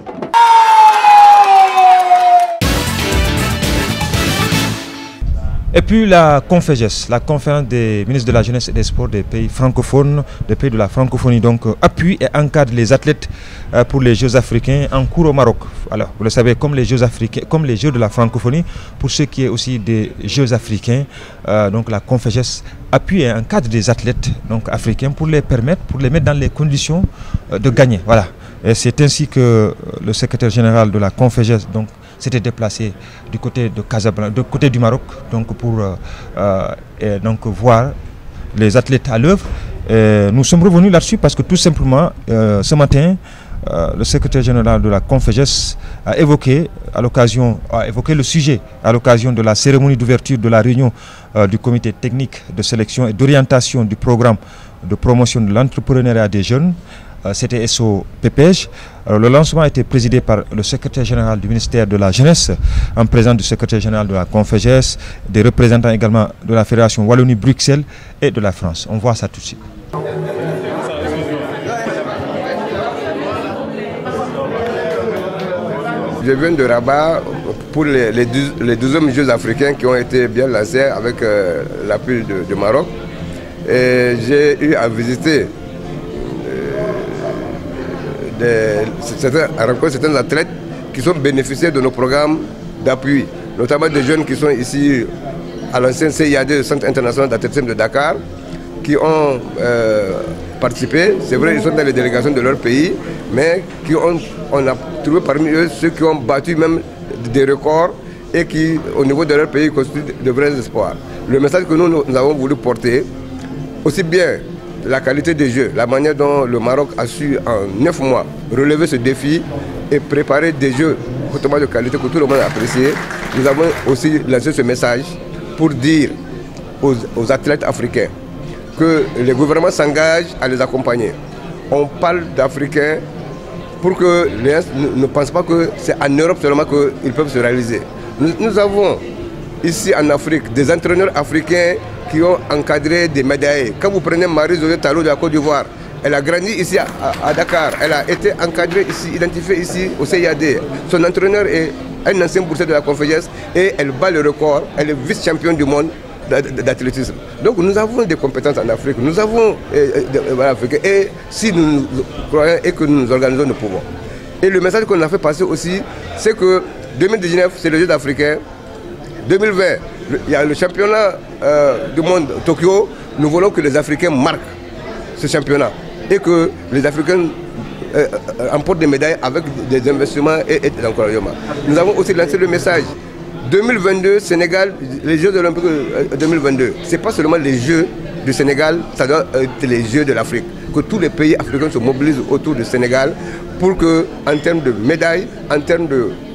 Et puis la CONFEGES, la conférence des ministres de la jeunesse et des sports des pays francophones, des pays de la francophonie, donc euh, appuie et encadre les athlètes euh, pour les Jeux africains en cours au Maroc. Alors, vous le savez, comme les Jeux comme les Jeux de la francophonie, pour ce qui est aussi des Jeux africains, euh, donc la CONFEGES appuie et encadre des athlètes donc africains pour les permettre, pour les mettre dans les conditions de gagner. Voilà. Et c'est ainsi que le secrétaire général de la CONFEGES, donc s'était déplacé du côté de Casablanca, du côté du Maroc, donc pour euh, euh, donc voir les athlètes à l'œuvre. Nous sommes revenus là-dessus parce que tout simplement, euh, ce matin, le secrétaire général de la CONFEGES a évoqué à l'occasion le sujet à l'occasion de la cérémonie d'ouverture de la réunion euh, du comité technique de sélection et d'orientation du programme de promotion de l'entrepreneuriat des jeunes Euh, c'était SO PPG. Euh, le lancement était présidé par le secrétaire général du ministère de la Jeunesse, en présence du secrétaire général de la Confégès, des représentants également de la Fédération Wallonie-Bruxelles et de la France. On voit ça tout de suite. Je viens avec euh, l'appui de, Maroc. Et j'ai eu à visiter euh, des, certains, certains athlètes qui sont bénéficiaires de nos programmes d'appui, notamment des jeunes qui sont ici à l'ancien CIAD, Centre international de Dakar, qui ont euh, participé. C'est vrai, ils sont dans les délégations de leur pays, mais qui ont, on a trouvé parmi eux ceux qui ont battu même des records et qui, au niveau de leur pays, constituent de vrais espoirs. Le message que nous, nous avons voulu porter, aussi bien la qualité des jeux, la manière dont le Maroc a su en neuf mois relever ce défi et préparer des jeux hautement de qualité que tout le monde a apprécié, nous avons aussi lancé ce message pour dire aux, aux athlètes africains que les gouvernements s'engagent à les accompagner. On parle d'Africains pour que les gens ne pensent pas que c'est en Europe seulement qu'ils peuvent se réaliser. nous avons ici en Afrique des entraîneurs africains qui ont encadré des médaillés. Marie-Josée Talou de la Côte d'Ivoire, elle a grandi ici à, Dakar, elle a été encadrée ici, identifiée ici au CIAD. Son entraîneur est un ancien boursier de la Conférence et elle bat le record, elle vice-championne du monde d'athlétisme. Donc nous avons des compétences en Afrique, nous avons en euh, euh, euh, Afrique et si nous, nous et que nous organisons, nous pouvons. Et le message qu'on a aussi, c'est que 2019, c'est le jeu africain. 2020, il y a le championnat euh, du monde Tokyo. Nous voulons que les Africains que les Africains euh, emportent des médailles avec des investissements et, et des encouragements. Nous avons aussi le message 2022 Sénégal, les Jeux olympiques 2022, euh, c'est pas seulement les Jeux du Sénégal, ça doit être les Jeux Que tous les pays africains se mobilisent autour du Sénégal pour que, en de médailles, en termes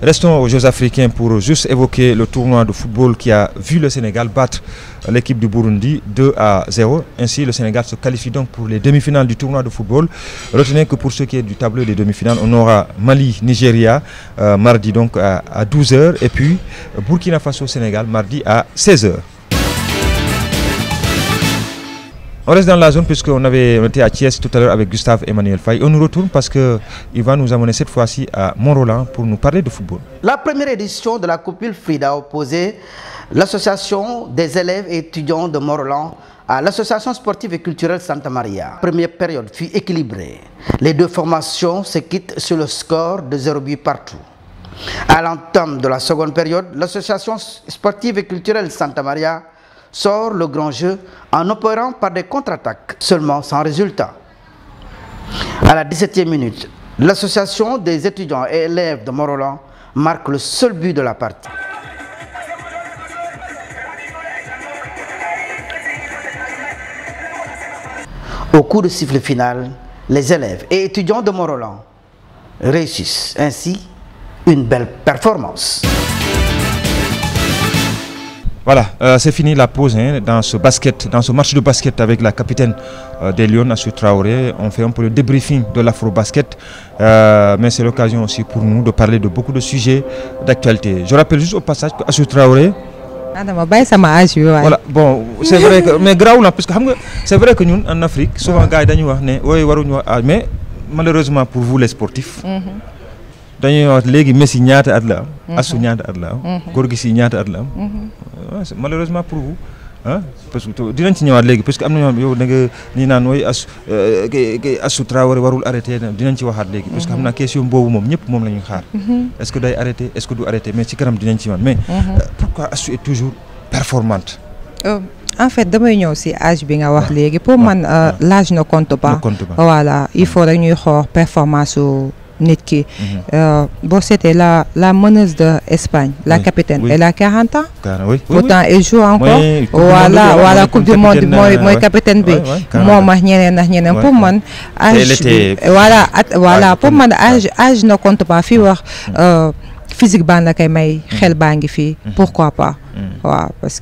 Restons aux Jeux africains pour juste évoquer le tournoi de football qui a vu le Sénégal battre l'équipe du Burundi 2 à 0. Ainsi, le Sénégal se qualifie donc pour les demi-finales du tournoi de football. Retenez que pour ce qui est du tableau des demi-finales, on aura Mali-Nigeria euh, mardi donc à, à 12h et puis Burkina Faso-Sénégal mardi à 16 On reste dans la zone puisqu'on avait été à Thiès tout à l'heure avec Gustave Emmanuel Faye. On nous retourne parce qu'il va nous amener cette fois-ci à mont pour nous parler de football. La première édition de la Coupe Wilfried a opposé l'association des élèves et étudiants de mont à l'association sportive et culturelle Santa Maria. La première période fut équilibrée. Les deux formations se le score de 0 but partout. À l'entame de la seconde période, l'association sportive et culturelle Santa Maria sort le grand jeu en opérant par des contre-attaques, seulement sans résultat. À la 17e minute, l'association des étudiants et élèves de Morolan marque le seul but de la partie. Au coup de sifflet final, les élèves et étudiants de Morolan réussissent ainsi une belle performance. Voilà, euh, c'est fini la pause hein, dans ce basket, dans ce match de basket avec la capitaine euh, des Lions, Assou Traoré. On fait un peu le débriefing de l'afro-basket, euh, mais c'est l'occasion aussi pour nous de parler de beaucoup de sujets d'actualité. Je rappelle juste au passage qu'Assou Traoré, ah, voilà bon c'est vrai que mais na parce que xam nga c'est vrai que ñun en Afrique souvent gars yi dañuy wax mais malheureusement pour vous les sportifs mm dañuy wax léegi Messi ñaata at la am. Mhm. Assou ñaata at la am. Mhm. Gorgis yi ñaata at la am. Mhm. malheureusement pour parce que dinañ ci ñëwaat léegi parce que am na ñoo yow da nga ñi naan mooy Assou Assou Traoré warul arrêté dinañ ci waxaat léegi. parce que xam naa question boobu moom ñëpp moom la xaar. est-ce que day arrêté est-ce que du arrêté mais ci kanam dinañ ci man mais. Euh, pourquoi Assou est toujours performante. Euh, en fait damay ñëw si âge bi nga wax léegi pour man euh, l'âge nit ki. Mhm. Euh, boo seetee la la meneuse de Espagne. la capitaine elle a 40 ans. oui pourtant encore. voilà voilà coupe du monde mooy euh, mooy bi. moom ak ñeneen ak ñeneen pour man. âge bi voilà at voilà pour man âge âge ne compte pas fii wax. Euh, physique la koy may mm. xel baa ngi fii. Mm. pourquoi pas mm. waaw parce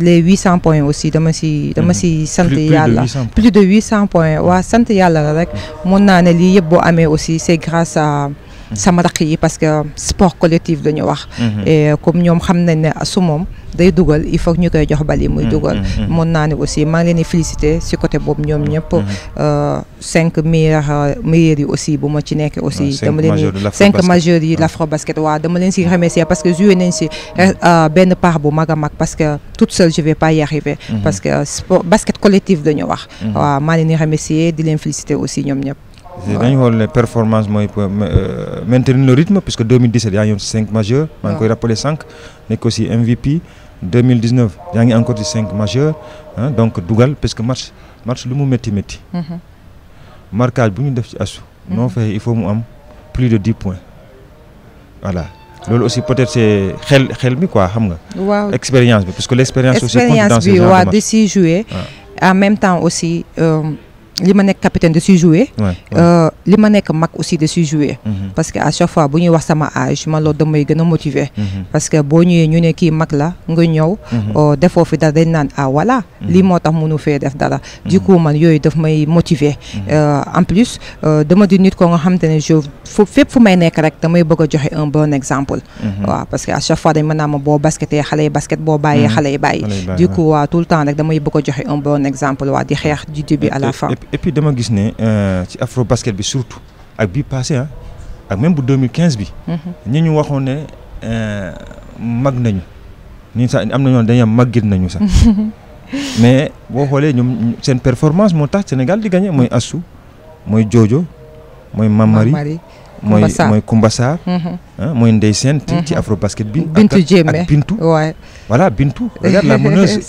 les huit cent points aussi dama si dama si mhm. sant yàlla plus de huit cent points waa sant yàlla la rek mm. mun naa ne lii yëpp boo amee aussi c'est grâce à sama rakk yi parce que sport collectif dañu wax mhm. et comme ñoom xam nañ ne su moom day dugal il faut ñu koy jox bali muy mhm, dugal mhm, mun naa ne aussi maa leen di félicité si côté boobu ñoom ñëpp euh, cinq meilleurs euh, meilleurs yi aussi bu ma ci nekk aussi ah, dama leen di cinq majeurs yi ah. l'afro basket waa dama leen si remercier parce que joué nañ si euh, benn part bu mag a mag parce que tout seule je vais pas y arriver parce que sport basket collectif dañu wax waaw maa leen di remercier di leen félicité aussi ñoom ñëpp dañu xool ne performance mooy euh, maintenir le rythme puisque 2017 yaa ngi woon si 5 majeurs. maa ngi koy rappelé nekk aussi MVP yaa ngi encore si 5 majeurs donc dugal parce que match lu mu métti métti. Mhm. marquage bu ñu def ci asu. Mhm. noo fexe il faut mu am plus de 10 points voilà. loolu aussi peut-être xel xel bi quoi xam nga. expérience bi parce l'expérience. aussi compte dans expérience bi waaw de si jouer en même temps aussi. Euh, li ma nekk capitaine de si jouer euh, li ma nekk mag aussi de si jouer mhm. parce que à chaque fois bu ñuy wax sama âge man loolu damay gën motiver mhm. parce que boo ñëwee ñu ne kii mag la nga ñëw mhm. euh, defoo fi dara dañ naan ah voilà lii moo tax mënu fee def dara du coup man yooyu daf may motiver euh, en plus dama di nit ko nga xam te ne je fu fépp fu may nekk rek damay bëgg a joxe un bon exemple waaw parce que à chaque fois dañ mën naa ma boo basketee xale yi basket boo bàyyee xale yi bàyyi a joxe un bon exemple waaw di xeex du et puis dama gis ne euh, ci afro basket bi surtout ak bii passé ah ak même bu 2015 bi. Mhm. ñi ñu waxoon ne euh, mag nañu. ñun sax am na ñoo dañuy màggit nañu sax. (laughs) mais boo xoolee ñoom seen performance moo tax Sénégal di gagné mooy Assou mooy Jojo mooy Mamari mooy mooy Koumba Sarr mooy mhm. ci mhm. afro basket bi. Bintu Diémé ak Bintu. voilà Bintu. regarde la (laughs) meneuse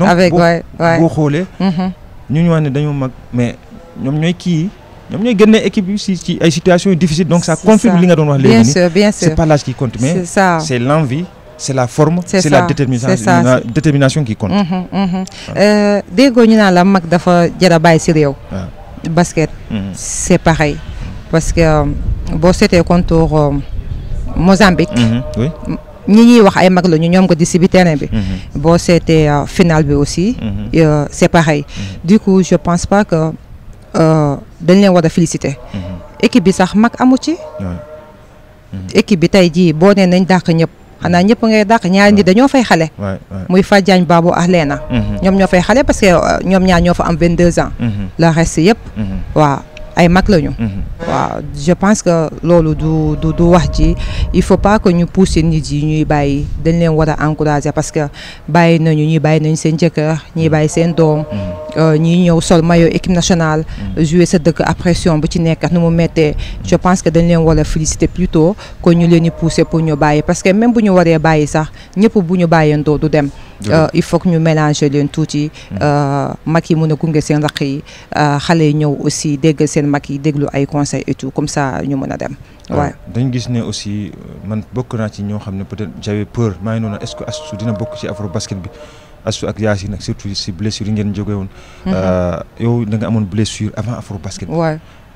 avec la donc boo xoolee. ñu ñu wax ne dañu mag mais ñoom ñooy kii ñoom ñooy génne équipe bi si ci ay situations yu difficile donc ça confirme li nga doon wax léegi nii bien sûr bien sûr c'est pas c'est l'envie c'est la forme c'est la détermination la détermination mhm, mhm. euh, déggoo ñu naan la mag dafa jar a bàyyi si réew basket mhm. c'est pareil parce que euh, boo seetee contour euh, Mozambique ñi ñuy wax ay mag la ñu ñoom ko di si bi terrain bi. Mhm. boo seetee euh, final bi aussi. Mhm. Euh, c'est pareil. Mhm. du coup je pense pas que euh, dañ leen war a féliciter. équipe bi sax mag amu ci. équipe bi tey jii boo nee nañ dàq ñëpp. xanaa ñëpp ngay dàq ñaari nit dañoo fay xale. muy Fadiagne Babou ak Léna. ñoom ñoo fay xale parce que ñoom ñaar ñoo fa am 22 ans. le reste yëpp waaw. ay mag lañu. Mhm. waaw je pense que loolu du du du wax ji il faut pas que ñu pousser nit yi ñuy bàyyi dañ leen war a encourager parce que bàyyi nañu ñuy bàyyi nañu seen jëkkër ñuy bàyyi seen doom. Mhm. Euh, ñuy ñëw sol maillot équipe nationale. Mhm. jouer sa dëkk après pression bu ci nekk nu mu méttee. je pense que dañ leen war a féliciter plutôt que ñu leen di pousser pour ñu bàyyi parce que même bu ñu waree bàyyi sax ñëpp bu ñu bàyyandoo du dem. Euh, il faut que ñu mélanger leen tuuti. Mhm. Euh, mag yi mun a gunge seen raq yi euh, xale yi ñëw aussi dégg seen mag yi déglu ay conseils et comme ça ñu mën a dem. waaw dañu gis ne aussi man bokk naa ci ñoo xam ne peut-être j'avais peur maa ngi noonu est-ce que Astou dina bokk ci afro basket bi. Astou ak Yacine nag surtout si blessure ngeen jóge woon. Mhm. yow da nga amoon blessure avant afro basket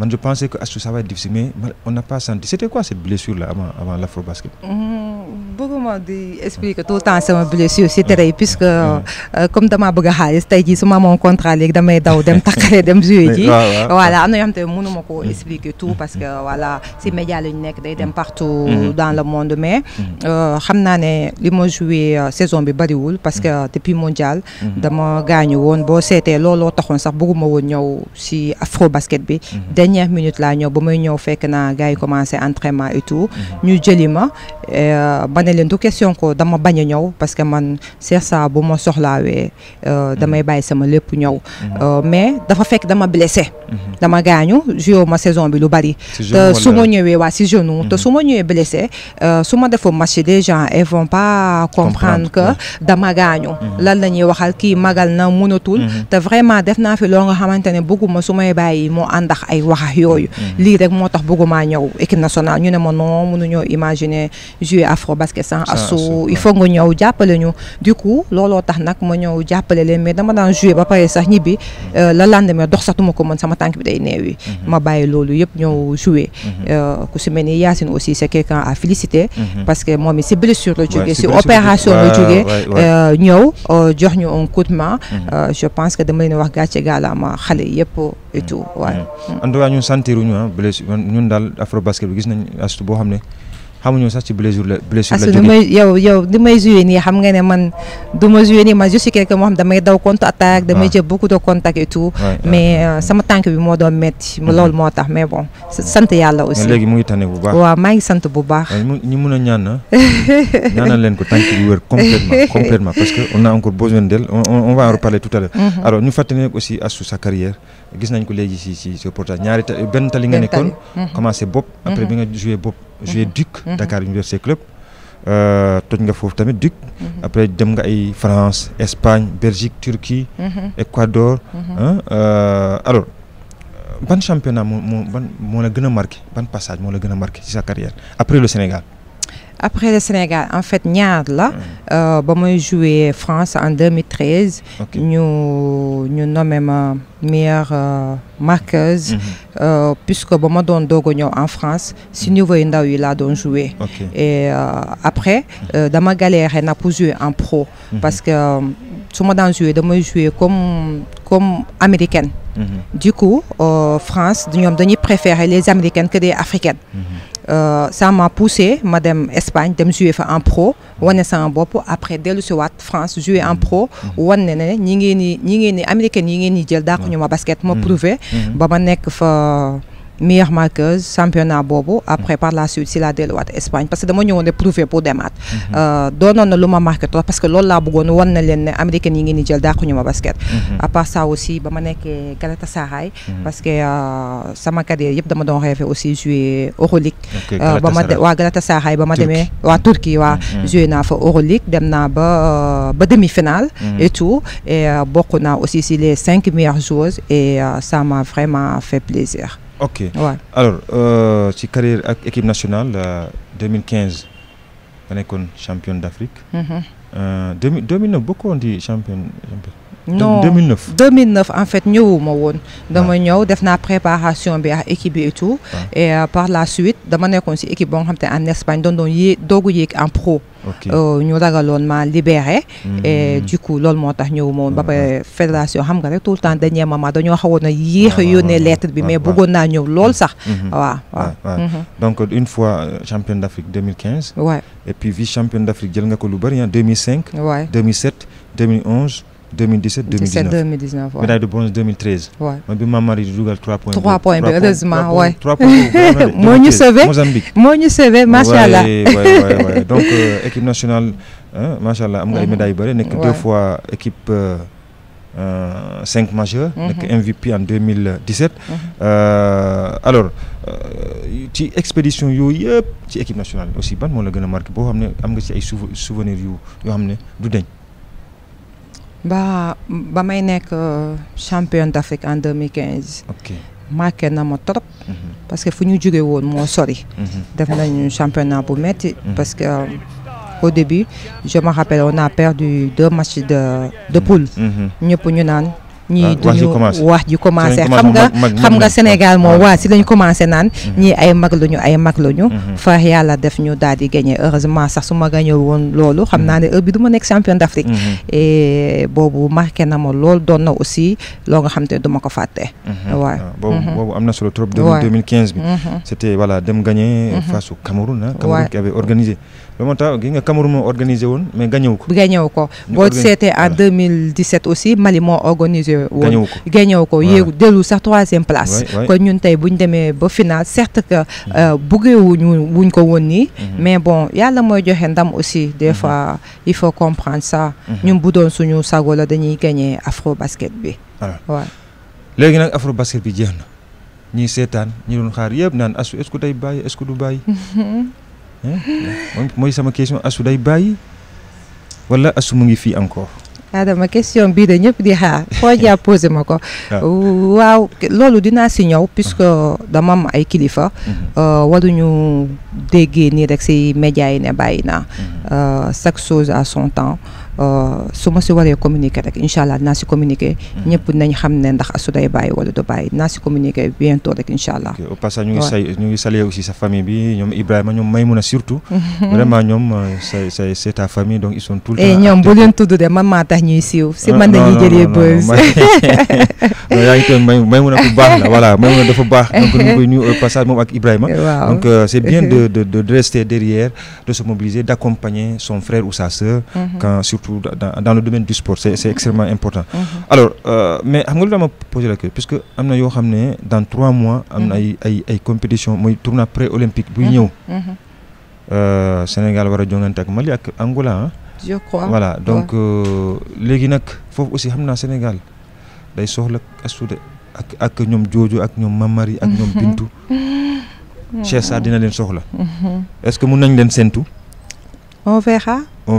man je pensais que Astou ça va être difficile mais on n'a pas senti c'était quoi cette blessure là avant avant l'afro basket. Mm-hmm. bëgguma di expliquer tout temps sama blessure si tere yi puisque euh, euh, comme damaa bëgg a xaalis tey jii su ma amoon contrat léegi damay daw dem (laughs) takkale dem jouer ji. voilà am na yoo xam te mënuma ko mm-hmm. expliquer tout mm-hmm. parce que voilà si média la ñu nekk day dem partout. dans le monde mais. Euh, xam naa ne li ma joué saison bi bariwul parce que depuis mondial. dama gaañu woon boo seetee looloo taxoon sax bëgguma woon ñëw si afro basket dernière minute laa ñëw ba ma ba euh, leen du question dama bañ ñëw parce que man Cheikh Sarr bu ma soxlaawee euh, damay bàyyi sama lépp ñëw mhm. euh, mais dafa fekk dama blessé mhm. dama gaañu joué ma saison bi lu bari te su ma ñëwee waa si genou te mhm. su ma ñëwee blessé su ma defoon match des gens ils vont pas comprendre que dama gaañu lan la waxal kii magal na mënatul te vraiment def naa fi loo nga xamante ne su may bàyyi moo àndax ay wax wax yooyu. Mm-hmm. Mm-hmm. lii rek moo tax bëggumaa ñëw équipe nationale ñu ne ma non mënuñoo imaginer jouer afro basket sans su il faut nga ñëw jàppale ñu. du coup looloo tax nag ma ñëw jàppale leen mais dama daan jouer ba pare sax ñibbi mm-hmm. euh, la lendemain dox sax duma ko mën sama tànk bi day neew yi. ma bàyyi loolu yëpp ñëw jouer. Euh, ku si mel ni Yacine aussi c'est à féliciter. parce que moom it si blessure la jógee si opération la jógee. Euh, ñëw jox ñu un coup je pense que dama leen wax gàcce gaalaama xale yëpp tout cas ñun sentiruñu ah ñun daal afro basket bi gis nañ astu boo xam ne xamuñu sax ci blessure la blessure la jógee may yow yow li may joué nii xam nga ne man du ma joué nii man je suis quelqu'un moo xam damay daw contre attaque. damay jël beaucoup de contact et tout. mais euh, sama tànk bi moo doon métti. Mhm. loolu moo tax mais bon sant yàlla aussi. léegi mu ngi tane bu baax waaw maa ngi sant bu baax. ñu mun a ñaan (laughs) ñaanal leen ko tànk bi wër complètement (laughs) complètement parce que on a encore besoin d'elle on, on va en reparler tout à l'heure mhm. alors ñu fàttali nag aussi Astou sa carrière gis nañ ko léegi si si reportage ñaari benn tali nga nekkoon. Mhm. commencé bopp après bi nga joué bopp. joué mhm. DUC. Mhm. Dakar Université Club. Euh, toj nga foofu tamit DUC. Mhm. après dem nga ay France Espagne Belgique Turquie. Équateur. alors ban championnat moo moo la gën a marqué ban passage moo la gën a marqué ci sa carrière après le Sénégal. après le Sénégal en fait ñaar la. Mm. Euh, ba moy jouer France en 2013. ñu ñu nommé ma meilleure euh, marqueuse. Mm-hmm. Euh, puisque ba ma doon doog a ñëw en France si mm-hmm. niveau yu ndaw yi laa doon jouer. et après mm-hmm. dama galéré na pour jouer en pro. parce que su ma daan jouer moy jouer comme comme américaine. du coup France ñoom dañuy préférer les américaines que des africaines. Euh, ça m'a poussé ma dem Espagne dem jouer fa en pro wane sama bopp après dellu si France jouer en pro mhm. wane ne ñi ngeen ni ñi ngeen ni américaine yi ngeen ni jël daa ñu ma basket ma mhm. prouvé mhm. ba ma nekk fa meilleure marqueuse championnat boobu après par la suite si la delluwaat Espagne parce que dama ñëwoon de prouver pour demaat mhm. euh, doonoon na lu ma marqué trop parce que loolu laa bëggoon wan na leen ne américaine yi ngeen di jël dàquñu ma basket mhm. à part ça aussi ba ma nekkee Galatasaray mhm. parce que euh, sama carrière yëpp dama doon rêvé aussi jouer Euroleague euh, ba ma waa Galatasaray ba ma demee waa Turquie waa joué naa fa Euroleague dem naa ba ba demi-finale et tout et bokk naa aussi si les cinq meilleures joueuses et ça m'a vraiment fait plaisir ok waaw alors euh, ak équipe nationale 2015 euh, nga nekkoon championne d'Afrique. 2000 mhm. 2009 euh, di championne. non 2009 2009 en fait ñëwuma woon. dama ñëw def naa préparation bi ak équipe bi et tout. et euh, par la suite dama nekkoon si équipe boo xam te en Espagne doon doon yéeg doogu yéeg en pro. Euh, ñu ragaloon ma libéré. Mm-hmm. et du coup loolu moo tax ñëwuma woon. ba pare fédération xam nga rek tout le temps dañee mama dañoo xawoon a yéex a yónnee lettre bi mais bëggoon naa ñëw lool sax. Mm-hmm. waaw waaw mm-hmm. donc une fois euh, championne d' Afrique 2015. waay et puis vice championne d' lu bëri ah 2005. 2017 de bronze 2013. waay man bi ma mari di dugal 3 points. 3 points bi heureusement waay. 3 (laughs) moo ñu sauvé Mozambique. moo ñu sauvé macha allah. (laughs) donc euh, équipe nationale macha allah am nga ay mhm. médailles yu bëri. nekk deux fois équipe euh, euh, cinq majeur. Mhm. nekk MVP en 2017. Mhm. alors ci expédition yooyu yëpp ci équipe nationale aussi ban moo la gën a marqué boo xam ne am nga ci ay souvenir yu yoo xam ne du deñ ba ba may nekk euh, championne d'Afrique en 2015. ok marqué na ma trop. Mhm. parce que fu ñu jugee woon moo sori. Mhm. def nañu championnat bu metti mhm. parce que euh, au début je ma rappelle on a perdu deux matchs de de poule. ñëpp ñu naan. ñii ah, duñu wax ji commencé xam nga xam nga Sénégal moom ah. waa si lañ commencé naan mm-hmm. ñii ay mag lañu ay mag lañu mm-hmm. fa yàlla def ñu daal di gagné heureusement sax su ma gagné woon loolu xam naa ne mm-hmm. heure bi du ma nekk champion d'Afrique boobu marqué na ma lool doon na aussi loo nga xam te du ma ko fàtte waaw ah, boobu am na solo trop 2015 bi c'était voilà dem gagné face au Cameroun Cameroun qui avait organisé ba moo tax gi nga Cameroun moo organisé woon mais gañëwu ko gañëwu ko boo seetee en 2017 aussi Mali moo organisé woon gañëwu ko yéegu dellu sax troisième place kon ñun tey buñ demee ba final certes que mm-hmm. euh, buggewuñu wuñ ko woon nii mm-hmm. mais bon yàlla mooy joxe ndam aussi des mm-hmm. fois il faut comprendre ça ñun bu doon suñu sago la dañuy gagné afro basket bi waaw ah. léegi nag afro basket bi jeex na ñii seetaan ñu doon xaar yëpp naan asu est-ce que du bàyyi (laughs) mooy sama question asu day bàyyi wala asu mu ngi fii encore. Adama ah, question bii de ñëpp di xaar foo jaa posé ma ko. Ah. waaw loolu dinaa si ñëw puisque uh-huh. dama am ay kilifa. Uh-huh. Uh, waruñu déggee nii rek si média yi ne bàyyi naa. Uh-huh. Uh, chaque chose à son temps. Euh, su ma si waree communiquer rek incha allah dinaa si communiquer. Mm-hmm. ñëpp nañ xam ne ndax asu day bàyyi wala du bàyyi dinaa si communiquer bientôt rek incha allah. au passage ñu ngi say ñu ngi saluer aussi sa famille bi ñoom Ibrahima ñoom a surtout. (laughs) vraiment ñoom euh, say say c'est ta famille donc ils sont eh, tudd de man maa tax ñuy siiw. si man ah, dañuy jëlee buzz. (laughs) yaa ngi toog bu baax la voilà Maymouna dafa baax donc koy nuyu au passage moom ak Ibrahima. donc euh, c'est bien de (laughs) de de rester derrière surtout dans, dans le domaine du sport c'est mhm. extrêmement important mhm. alors euh, mais xam nga lu dama posé la question puisque am na yoo xam ne dans trois mois am na mhm. ay ay ay compétition mooy tournoi pré olympique buy ñëw euh, Sénégal war a jongante ak Mali ak Angola je crois donc euh, léegi nag foofu aussi xam naa Sénégal day soxla asude ak ak ñoom Jojo ak ñoom Mamari ak ñoom Bintu (laughs) Cheikh Sarr dina leen soxla est-ce que mun nañ leen séntu on verra on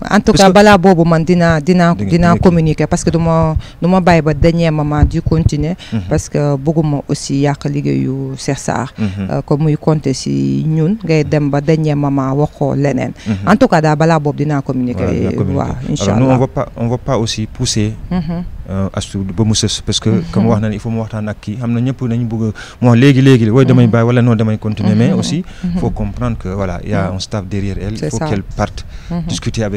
en tout cas balaa boobu man dinaa dinaa dinaa parce que du ma du ma bàyyi ba dernier moment di continuer mhm. parce que bëgguma aussi yàq liggéeyu Cheikh Sarr comme euh, muy compter si ñun ngay mhm. dem ba dernier moment waxoo leneen mhm. en tout cas daal balaa boobu dinaa communiquer waaw incha euh, ba mu sës parce que comme wax na ne il faut mu waxtaan ak kii xam na ñëpp nañu bëgg mu wax léegi léegi wooy damay bàyyi wala non damay continuer mais aussi faut comprendre que voilà il y a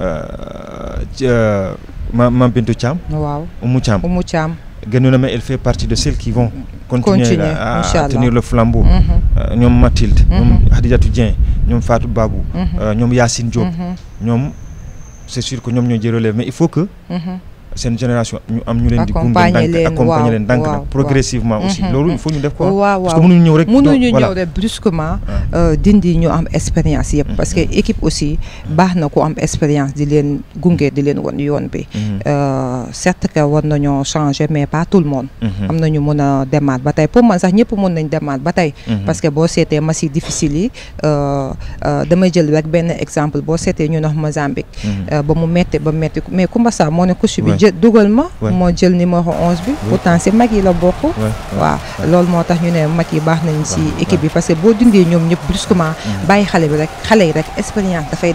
Euh, euh, ma ma Bintou Thiam. waaw Oumou Thiam Oumou Thiam. na ma elle fait partie de celles qui vont. continuer continuer à tenir le flambeau. Mhm. Euh, ñoom Mathilde. Mhm. ñoom Hadijatou Dieng ñoom Fatou Babou. Mhm. ñoom Yacine Diop. ñoom c'est sûr que ñoom ñoo jël relève mais il faut que. seen génération ñu am ñu leen di gunge ndànk accompagner leen ndànk nag progressivement aussi mhm. loolu il faut ñu def quoi waaw parce que mënuñu ñëw rek mënuñu ñëw rek brusquement ah. euh, dindi ñu am expérience yëpp mhm. parce que équipe aussi baax na ku am expérience di leen gunge di leen won yoon bi mhm. euh, certes que war nañoo changer mais pas tout le monde. Mhm. am na ñu mun a demaat ba tey pour man sax ñëpp mun nañ demaat ba tey. Mhm. parce que boo seetee match yi difficile yi euh, euh, damay jël rek benn exemple boo seetee ñu nax Mozambique. Mhm. Euh, ba mu metti ba metti mais Koumba Sarr moo ne coach bi jël dugal ma. moo jël numéro 11 bi. pourtant si mag yi la bokk. waaw loolu moo tax ñu ne mag yi baax nañ si équipe bi parce que boo dindee ñoom ñëpp brusquement bàyyi xale bi rek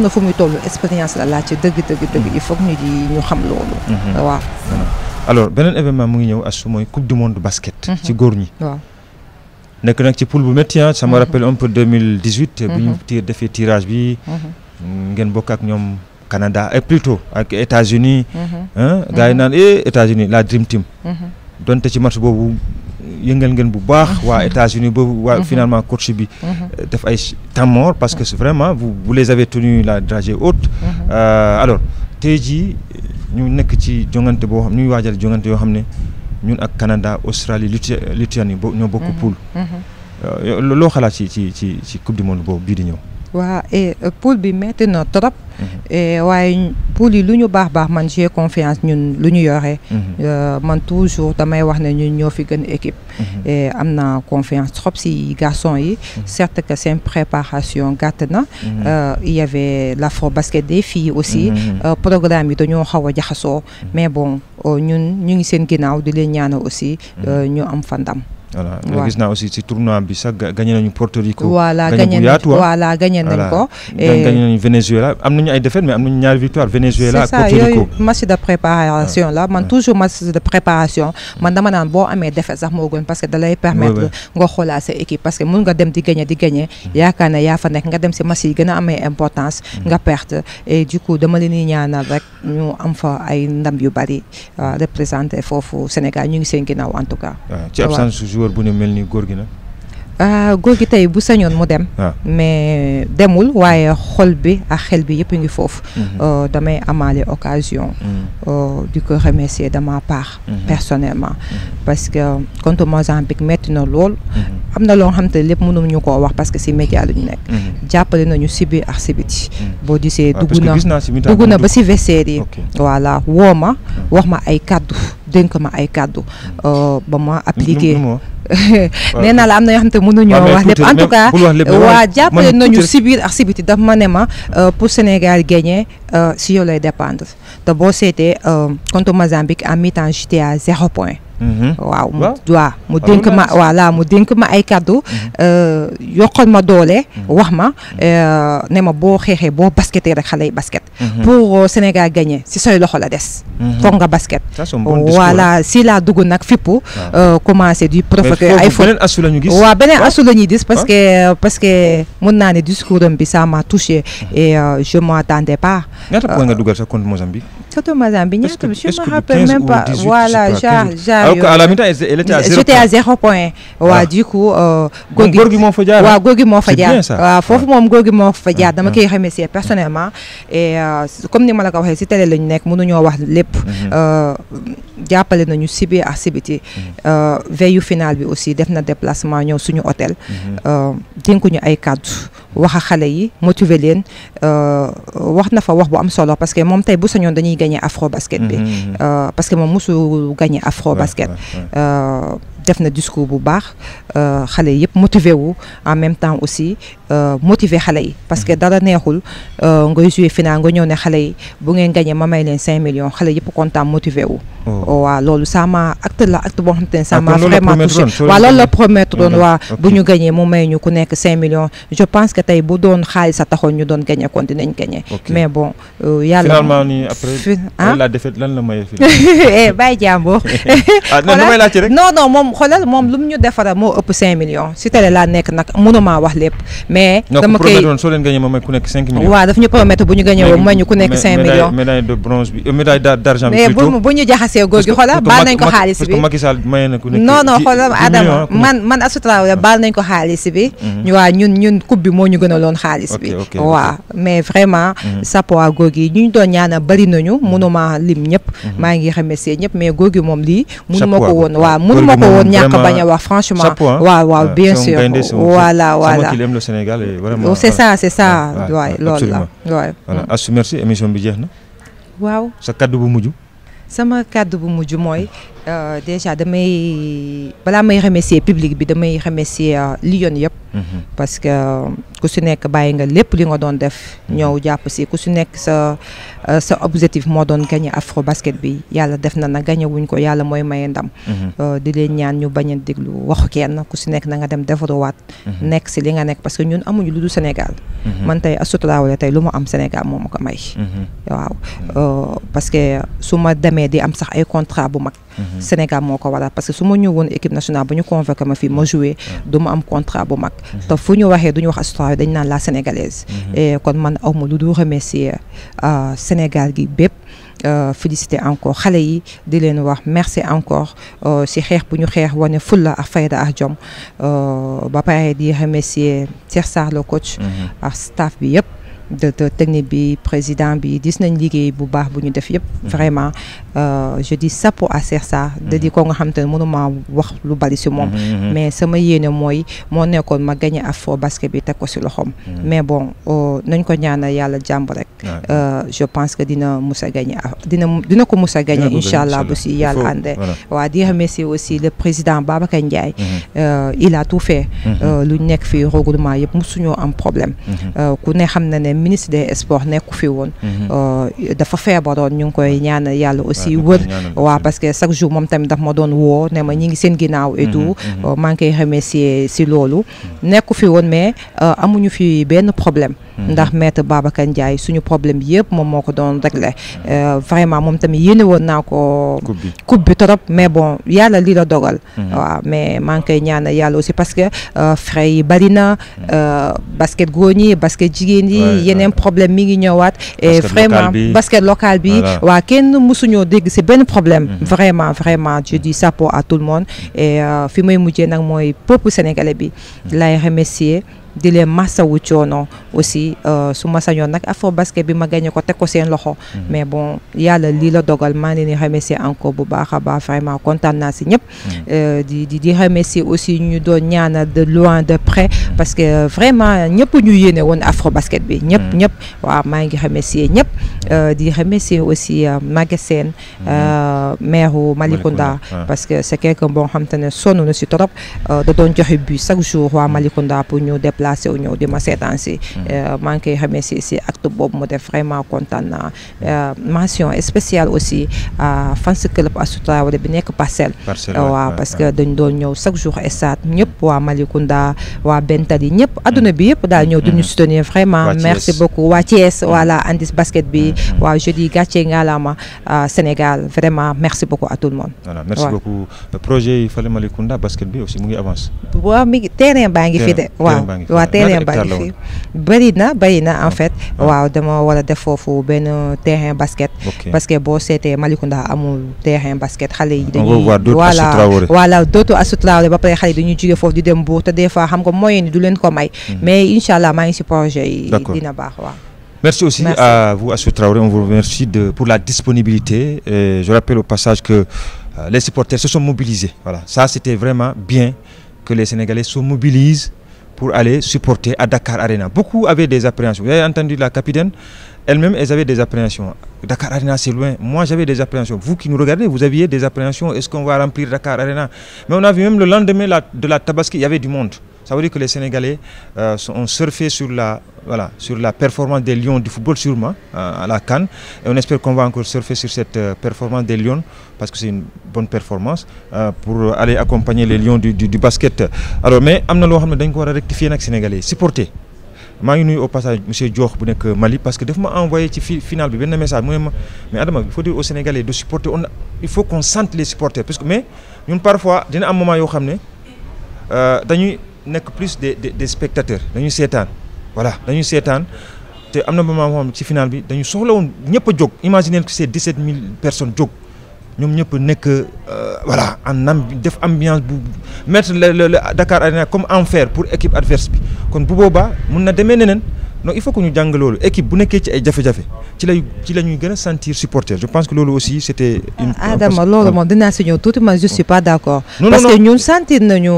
na fu muy toll expérience la laaj ci dëgg dëgg dëgg il faut ñu di am loolu. Mhm. Ah, waaw. alors mu ngi ñëw as mooy coupe du monde basket. Mhm. ci góor ñi. waaw nekk nag ci poule bu métti ah. ça me mhm. rappelle un peu 2018. bi ñu tir defee tirage bi. ngeen bokk ak ñoom Canada et plutôt ak États-Unis. Ah, gars yi naan eh États-Unis la Dream Team. donte ci match boobu yëngal ngeen bu baax. waa États-Unis ba waa finalement coach bi. Eh, def ay temps mort parce que vraiment vous vous les avez tenus la dragée haute. Euh, alors ñu nekk ci jongante boo xam ñuy waajal jongante yoo xam ne ñun ak Canada Australie Lituanie ñoo bokk mm-hmm. poule mm-hmm. euh, loo xalaat ci ci ci ci coupe du monde boobu bii di ñëw waa e eh, poule bi métti na trop. Mhm. Eh, waaye poule yi lu ñu baax baax man j'ai confiance ñun lu ñu yore. Mhm. Euh, man toujours damay wax ne ñun ñoo fi gën équipe. Mhm. Eh, am na confiance trop si garçon yi. certes que seen préparation gàtt na. Euh, il y avait l'afro basket des filles aussi. Euh, programme yi dañoo xaw a jaxasoo. mais bon ñun ñu ngi seen ginnaaw di leen ñaanal aussi. ñu am fa ndam. voilà gis naa aussi ci tournoi bi sax gagné nañu Porto Rico. nañ ko voilà gagné nañ ah. ko. am nañu ay défaites mais am nañu ñaari victoire Venezuela ak Porto Rico. c'est ça yooyu match de préparation ah. la man ah. toujours match de préparation man dama naan boo amee défaite sax moo gën parce que da lay permettre nga xoolaat sa équipe parce que mun nga dem di gagné di gagné mm-hmm. yaakaar ne yaa fa nekk nga dem ci match yi gën a amee importance mm-hmm. nga perte et du coup dama leen di ñaanal rek ñu am fa ay ndam yu bari euh, représenté foofu Sénégal ñu ngi seen ginnaaw en tout cas. joueur bu ñu mel ni góor gi nag Euh, góor gi tey bu sañoon mu dem. Ah. mais demul waaye xol bi ak xel bi yëpp ngi foofu. Mhm. Euh, damay amaale occasion. Mhm. Euh, di ko remercier de ma part. Mhm. personnellement. parce que contre Mozambique metti na lool. am na loo xam te lépp mënuñu ko wax parce que si média la ñu nekk. jàppale nañu si biir ak si biti. boo gisee ah, dugg na dugg na ba si vestiaire yi. voilà woo ma wax ma ay kàddu dénk ma ay kàddu ba ma appliqué. (laughs) nee naa la am na yoo xam te mënuñoo wax lépp en tout cas waa jàpp nañu si biir ak si biti ma ne ma euh, pour Sénégal gagner euh, si yow lay dépendre te boo seetee euh, contre Mozambique en mi-temps à zéro point Mm-hmm. waaw mu waaw mu dénk ma voilà mu dénk ma ay kàddu mm-hmm. euh, yokkal ma doole mm-hmm. wax ma euh, ne ma boo xeexee boo basketee rek xale yi basket pour euh, Sénégal gagner si say loxo la des foog nga basket voilà si laa dugg nag fippu commencé di provoquer ay fo waaw beneen asu la ñuy gis parce que parce que mun naa ne discours am bi ça m'a touché et je m'attendais pas ñaata point nga dugal sa compte Mozambique Surtout Mazambini, je me rappelle même pas. Voilà, j'arrive. Ah, à la mi-temps, elle était à 0 J'étais à 0 point. Ah. Ouais, du coup, euh, Gogi. Gogi Monfadjar. Ouais, Gogi Monfadjar. Ouais, faut que Gogi Dama ah. koy remercier personnellement. Et euh, comme ni ma la ko waxee si télé lañu nekk mënuñoo wax lépp. Mhm. Euh, jàppale nañu si biir ak si biti. Mhm. Euh, veille bi aussi def na déplacement ñëw suñu hôtel. Mhm. dénkuñu ay kàddu. wax xale yi motiver leen euh, wax na fa wax bu am solo parce que moom tey bu sañoon dañuy gagné afro basket bi mm-hmm, mm-hmm. Euh, parce que moom mosu gagné afro basket euh, def na discours bu baax xale yëpp motiver wu en même temps aussi Euh, motiver xale yi parce que dara neexul euh, ngay joué final nga ñëw ne xale yi bu ngeen gagné ma may leen cinq millions xale yëpp kontaan motiver wu oh. Oh, waaw loolu sama acte la boo xam te ne sama vraiment touché waaw loolu la promettroon waa bu ñu gagné mu may ñu ku nekk cinq millions je pense que tey bu doon xaalis a taxoon ñu doon gagné kon dinañ gagné mais bon euh, yàlla finalement nii après ah? la défaite lan la maye final (laughs) eh, bàyyi jàmbur (laughs) ah, (laughs) non non moom xoolal moom lu mu ñu defaral moo ëpp cinq si télé laa nekk nag mënuma wax lépp mais dama koy non ma may ku nekk 5 millions. waaw daf ñu promettre bu ñu gagné woo may ñu ku nekk 5 millions médaille de bronze bi euh, médaille d'argent bi. mais bu bu ñu jaxasee góor gi xoolal baal nañ ko xaalis bi parce que Macky Sall maye na ku nekk non non xoolal Adama man man Astou Traoré baal nañ mhm. waaw ñun ñun coupe bi moo ñu gën a xaalis bi. waaw mais vraiment. sapo mhm. góor gi ñu doon ñaana bari nañu mënuma mhm. lim ñëpp. maa ngi remercier ñëpp mais góor gi moom lii. mënuma ko woon waaw mënuma ko woon ñàkk bañ a franchement. waaw waaw bien sûr voilà voilà. Sénégal et vraiment. c'est ça c'est ça waay loolu la waay. voilà mm. Astou merci émission bi jeex na. waaw sa kaddu bu mujj. sama kaddu bu mujj mooy Euh, déjà damay balaa may remercier public bi damay remercier euh, Lyon yëpp. Mhm. parce que ku si nekk bàyyi nga lépp li nga doon def. Mhm. ñëw jàpp si ku si nekk sa euh, sa objectif moo doon gagné afro basket bi yàlla def na na gagné ko yàlla mooy maye ndam. Mhm. di leen ñaan ñu bañ a déglu waxu kenn ku si nekk na nga dem defaruwaat. nekk si li nga nekk parce que ñun amuñu lu dul Sénégal. man tey asuturaawale tey lu ma am Sénégal moo ma ko may. waaw parce que su ma demee di am sax ay contrat bu mag. Mhm. Sénégal moo ko waral parce que su ma ñëwoon équipe nationale bu ñu convoqué ma fi ma joué du ma am contrat bu mag mhm. te fu ñu waxee du ñu wax histoire dañ naan la sénégalaise mhm. kon man aw ma lu du remercier euh, Sénégal gi bépp euh, féliciter encore xale yi di leen wax merci encore euh, si xeex bu ñu xeex wane fulla ak fayda ak jom ba pare di remercier Cheikh Sarr le coach ak staff bi yëpp directeur technique bi président bi gis nañ liggéey bu baax bu ñu def yëpp mhm. vraiment euh, je di chapeau à Cheikh Sarr ko nga xam te ne mënuma wax lu bari si moom mhm, mhm. mais sama yéene mooy moo nekkoon ma gagné Afrobasket bi teg ko si loxoom mais bon euh, nañ ko ñaanal yàlla jàmb rek euh, je pense que dina mus a gagné dina dina ko mus a gagné incha allah bu si yàlla àndee waa di remercier aussi le président Babacar Ndiaye il a tout fait lu ñu nekk fii regroupement yëpp mosuñoo am problème ministre des sports nekku fi woon mhm. euh, dafa feebaroon ñu ngi koy ñaan yàlla aussi wër waaw parce que chaque jour moom tamit daf ma doon woo ne ma ñi ngi seen ginnaaw et mhm, tout mhm. Euh, maa ngi koy si loolu nekku fi woon mais euh, amuñu fi benn problème ndax maître Babacar Ndiaye suñu problème yëpp moom moo ko doon réglé vraiment moom tamit yéene woon naa ko coupe bi trop mais bon yàlla li la dogal waaw mais maa ngi koy yàlla aussi parce que frais yi bari na basket góor ñi yeneen problème mi ngi ñëwaat et vraiment basket local bi waa kenn mësuñoo dégg si benn problème mhm. vraiment vraiment je di chapeau à tout le monde e fi may mujjee nag mooy peuple sénégalais bi mhm. lay remercier di leen massawu coono aussi euh, su ma sañoon nag afro basket bi ma gagné ko teg ko seen loxo. Mhm. mais bon yàlla lii la dogal maa ngi leen di remercier encore bu baax a baax vraiment kontaan naa si ñëpp. Mhm. Euh, di di di remercier aussi ñu doon ñaanal de loin de près mhm. parce que euh, vraiment ñëpp ñu yéene woon afro basket bi. ñëpp ñëpp waaw maa ngi remercier ñëpp. di remercier aussi Maguette Sène. maire Malicounda. parce que c'est quelqu'un boo xam te ne sonn na si trop da doon joxe bu chaque jour waa Malicounda pour ñu def. déplacé wu ñëw di ma seetaan si mm. euh, maa ngi koy xamee si si acte boobu mu def vraiment kontaan mm. euh, mention spéciale aussi fans club Astou Traoré bi nekk parcelle waaw euh, parce que dañ doon ñëw chaque jour stade ñëpp waa Malicounda waa Bentali ñëpp adduna mm. bi yëpp daal ñëw si soutenir vraiment merci beaucoup waa Thiès voilà Andis basket bi waa jeudi gàcce ngalaama Sénégal vraiment merci beaucoup à tout le monde merci beaucoup projet baa ngi fi de waaw waaw terrain ba bëri na bëri na en ah. fait ah. waaw dama war def foofu benn terrain basket parce que boo seetee Malicounda amu terrain basket xale yi dañuy voilà voilà dootu Assou ba pare xale yi dañuy jóge foofu di dem buur te des fois xam nga moyen ni du leen ko may mhm. mais incha allah maa ngi si projet yi dina baax waaw Merci aussi Merci. à vous, Assou On vous remercie pour la disponibilité. Et je rappelle au passage que euh, les supporters se sont mobilisés. Voilà. Ça, c'était vraiment bien que les pour aller supporter à Dakar Arena. Beaucoup avaient des appréhensions. Vous entendu la capitaine elles-mêmes, elles avaient des appréhensions. Dakar Arena, c'est loin. Moi, j'avais des appréhensions. Vous qui nous regardez, vous aviez des appréhensions. Est-ce qu'on va remplir Dakar Arena Mais on a vu même le lendemain de la Tabaski, il y avait du monde. Ça veut dire que les Sénégalais euh, ont sur la, voilà, sur la performance des Lions du football, sûrement, euh, à la Cannes. Et on espère qu'on va encore surfer sur cette euh, performance des Lions, parce que c'est une bonne performance, euh, pour aller accompagner les Lions du, du, du basket. Alors, mais, amna lo xamne dañ ko wara rectifier nak Sénégalais, supporter. maa ngi nuyu au passage monsieur Diokh bu nekk Mali parce que daf ma envoyé ci fi final bi benn message mu ne ma mais Adama il faut dire aux Sénégalais de supporter on il faut qu'on sente les supporters que mais ñun parfois dina am moment yoo xam ne euh, dañuy nekk plus de des, des spectateurs dañuy seetaan voilà dañuy seetaan te am na moment moo xam ci final bi dañu soxla woon ñëpp a jóg imaginer que c'est mille personnes jóg. ñoom ñëpp nekk euh, voilà en am def ambiance bu mettre le le Dakar Arena comme en fer pour équipe adverse bi kon bu boobaa mun na demee neneen non il faut que ñu jàng loolu équipe bu nekkee ci ay jafe-jafe ci lay ci a sentir supporter je pense que loolu aussi c' était. Ah, Adama loolu moom dinaa si ñëw tuuti man je suis parce que ñun sentir nañu.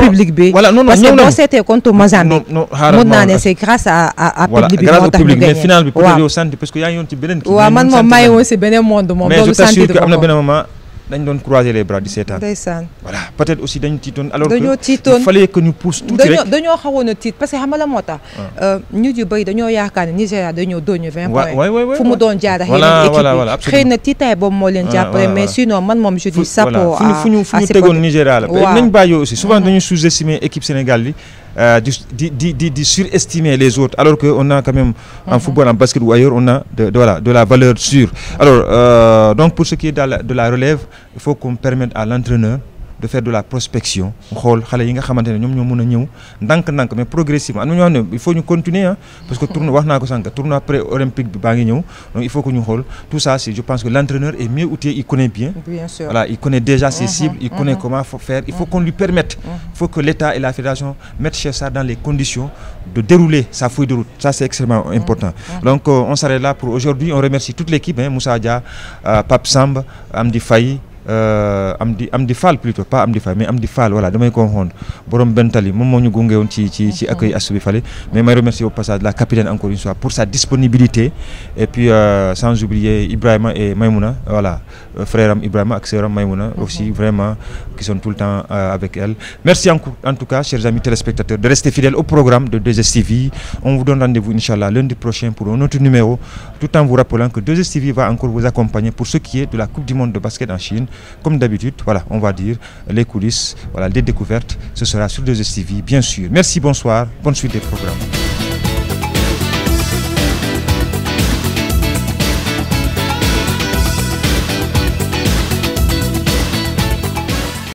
public bi parce que boo seetee contre Mozambique. non mun naa ne c' est grâce bi moo tax ñu gagné mais bi peut être yow sentir parce que yaa ngi yoon ci beneen. kii waaw man moom moom. loolu sentir mais t' assure que am na benn moment. dañu doon croiser les bras di seetaan. ndeysaan voilà peut-être aussi dañu tiitoon. alors que il fallait que ñu pousse tuuti dañoo xawoon a tiit parce que xam nga la moo tax. Ah. Euh, nit yu bëri dañoo yaakaar ne Nigéria dañoo doon 20 points. fu mu doon jaar ak yeneen xëy na tiitaay boobu moo leen ah, jàppale mais sinon man moom je dis chapeau. à à fu ñu fu ñu tegoon Nigéria la. waaw nañ aussi souvent dañu sous-estimer équipe Sénégal bi Euh, di di di di surestimer les autres alors que on a quand même en mhm. football en basket ou ailleurs on a de voilà de la valeur sûre alors euh, donc pour ce qui est de la de la relève il faut qu'on permette à l'entraîneur de faire de la prospection xool xale nga xamante ne ñoom ñoo mën a ñëw ndànk-ndànk progressivement am na ñoo xam ne il faut ñu continuer ah parce que wax naa ko sànq tournoi pré olympique baa ngi ñëw il faut que ñu xool tout ça c'est je pense que l'entraîneur est mieux outillé il connaît bien bien il connaît déjà ses mhm. il connaît mhm. comment faire il faut mhm. qu'on lui permette faut que l'État et la fédération mettent Cheikh Sarr dans les conditions de dérouler Euh, Amdi di Fall plutôt pas Amdi Fall mais Amdi Fall voilà damay confondre borom Bentali moom moo ñu gunge woon ci ci ci accueil Astou bi fale mais may remercier au passage la capitaine encore une pour sa disponibilité et puis euh, sans oublier Ibrahima et Maïmouna voilà euh, frère Ibrahima ak sœur am Maïmouna aussi vraiment qui sont temps avec elle merci en tout cas chers amis téléspectateurs de rester fidèles au programme de 2STV on vous donne rendez-vous inchallah va la Coupe du monde de basket en Chine Comme d'habitude, voilà, on va dire les coulisses, voilà, les découvertes, ce sera sur 2STV, bien sûr. Merci, bonsoir, bonne suite des programmes.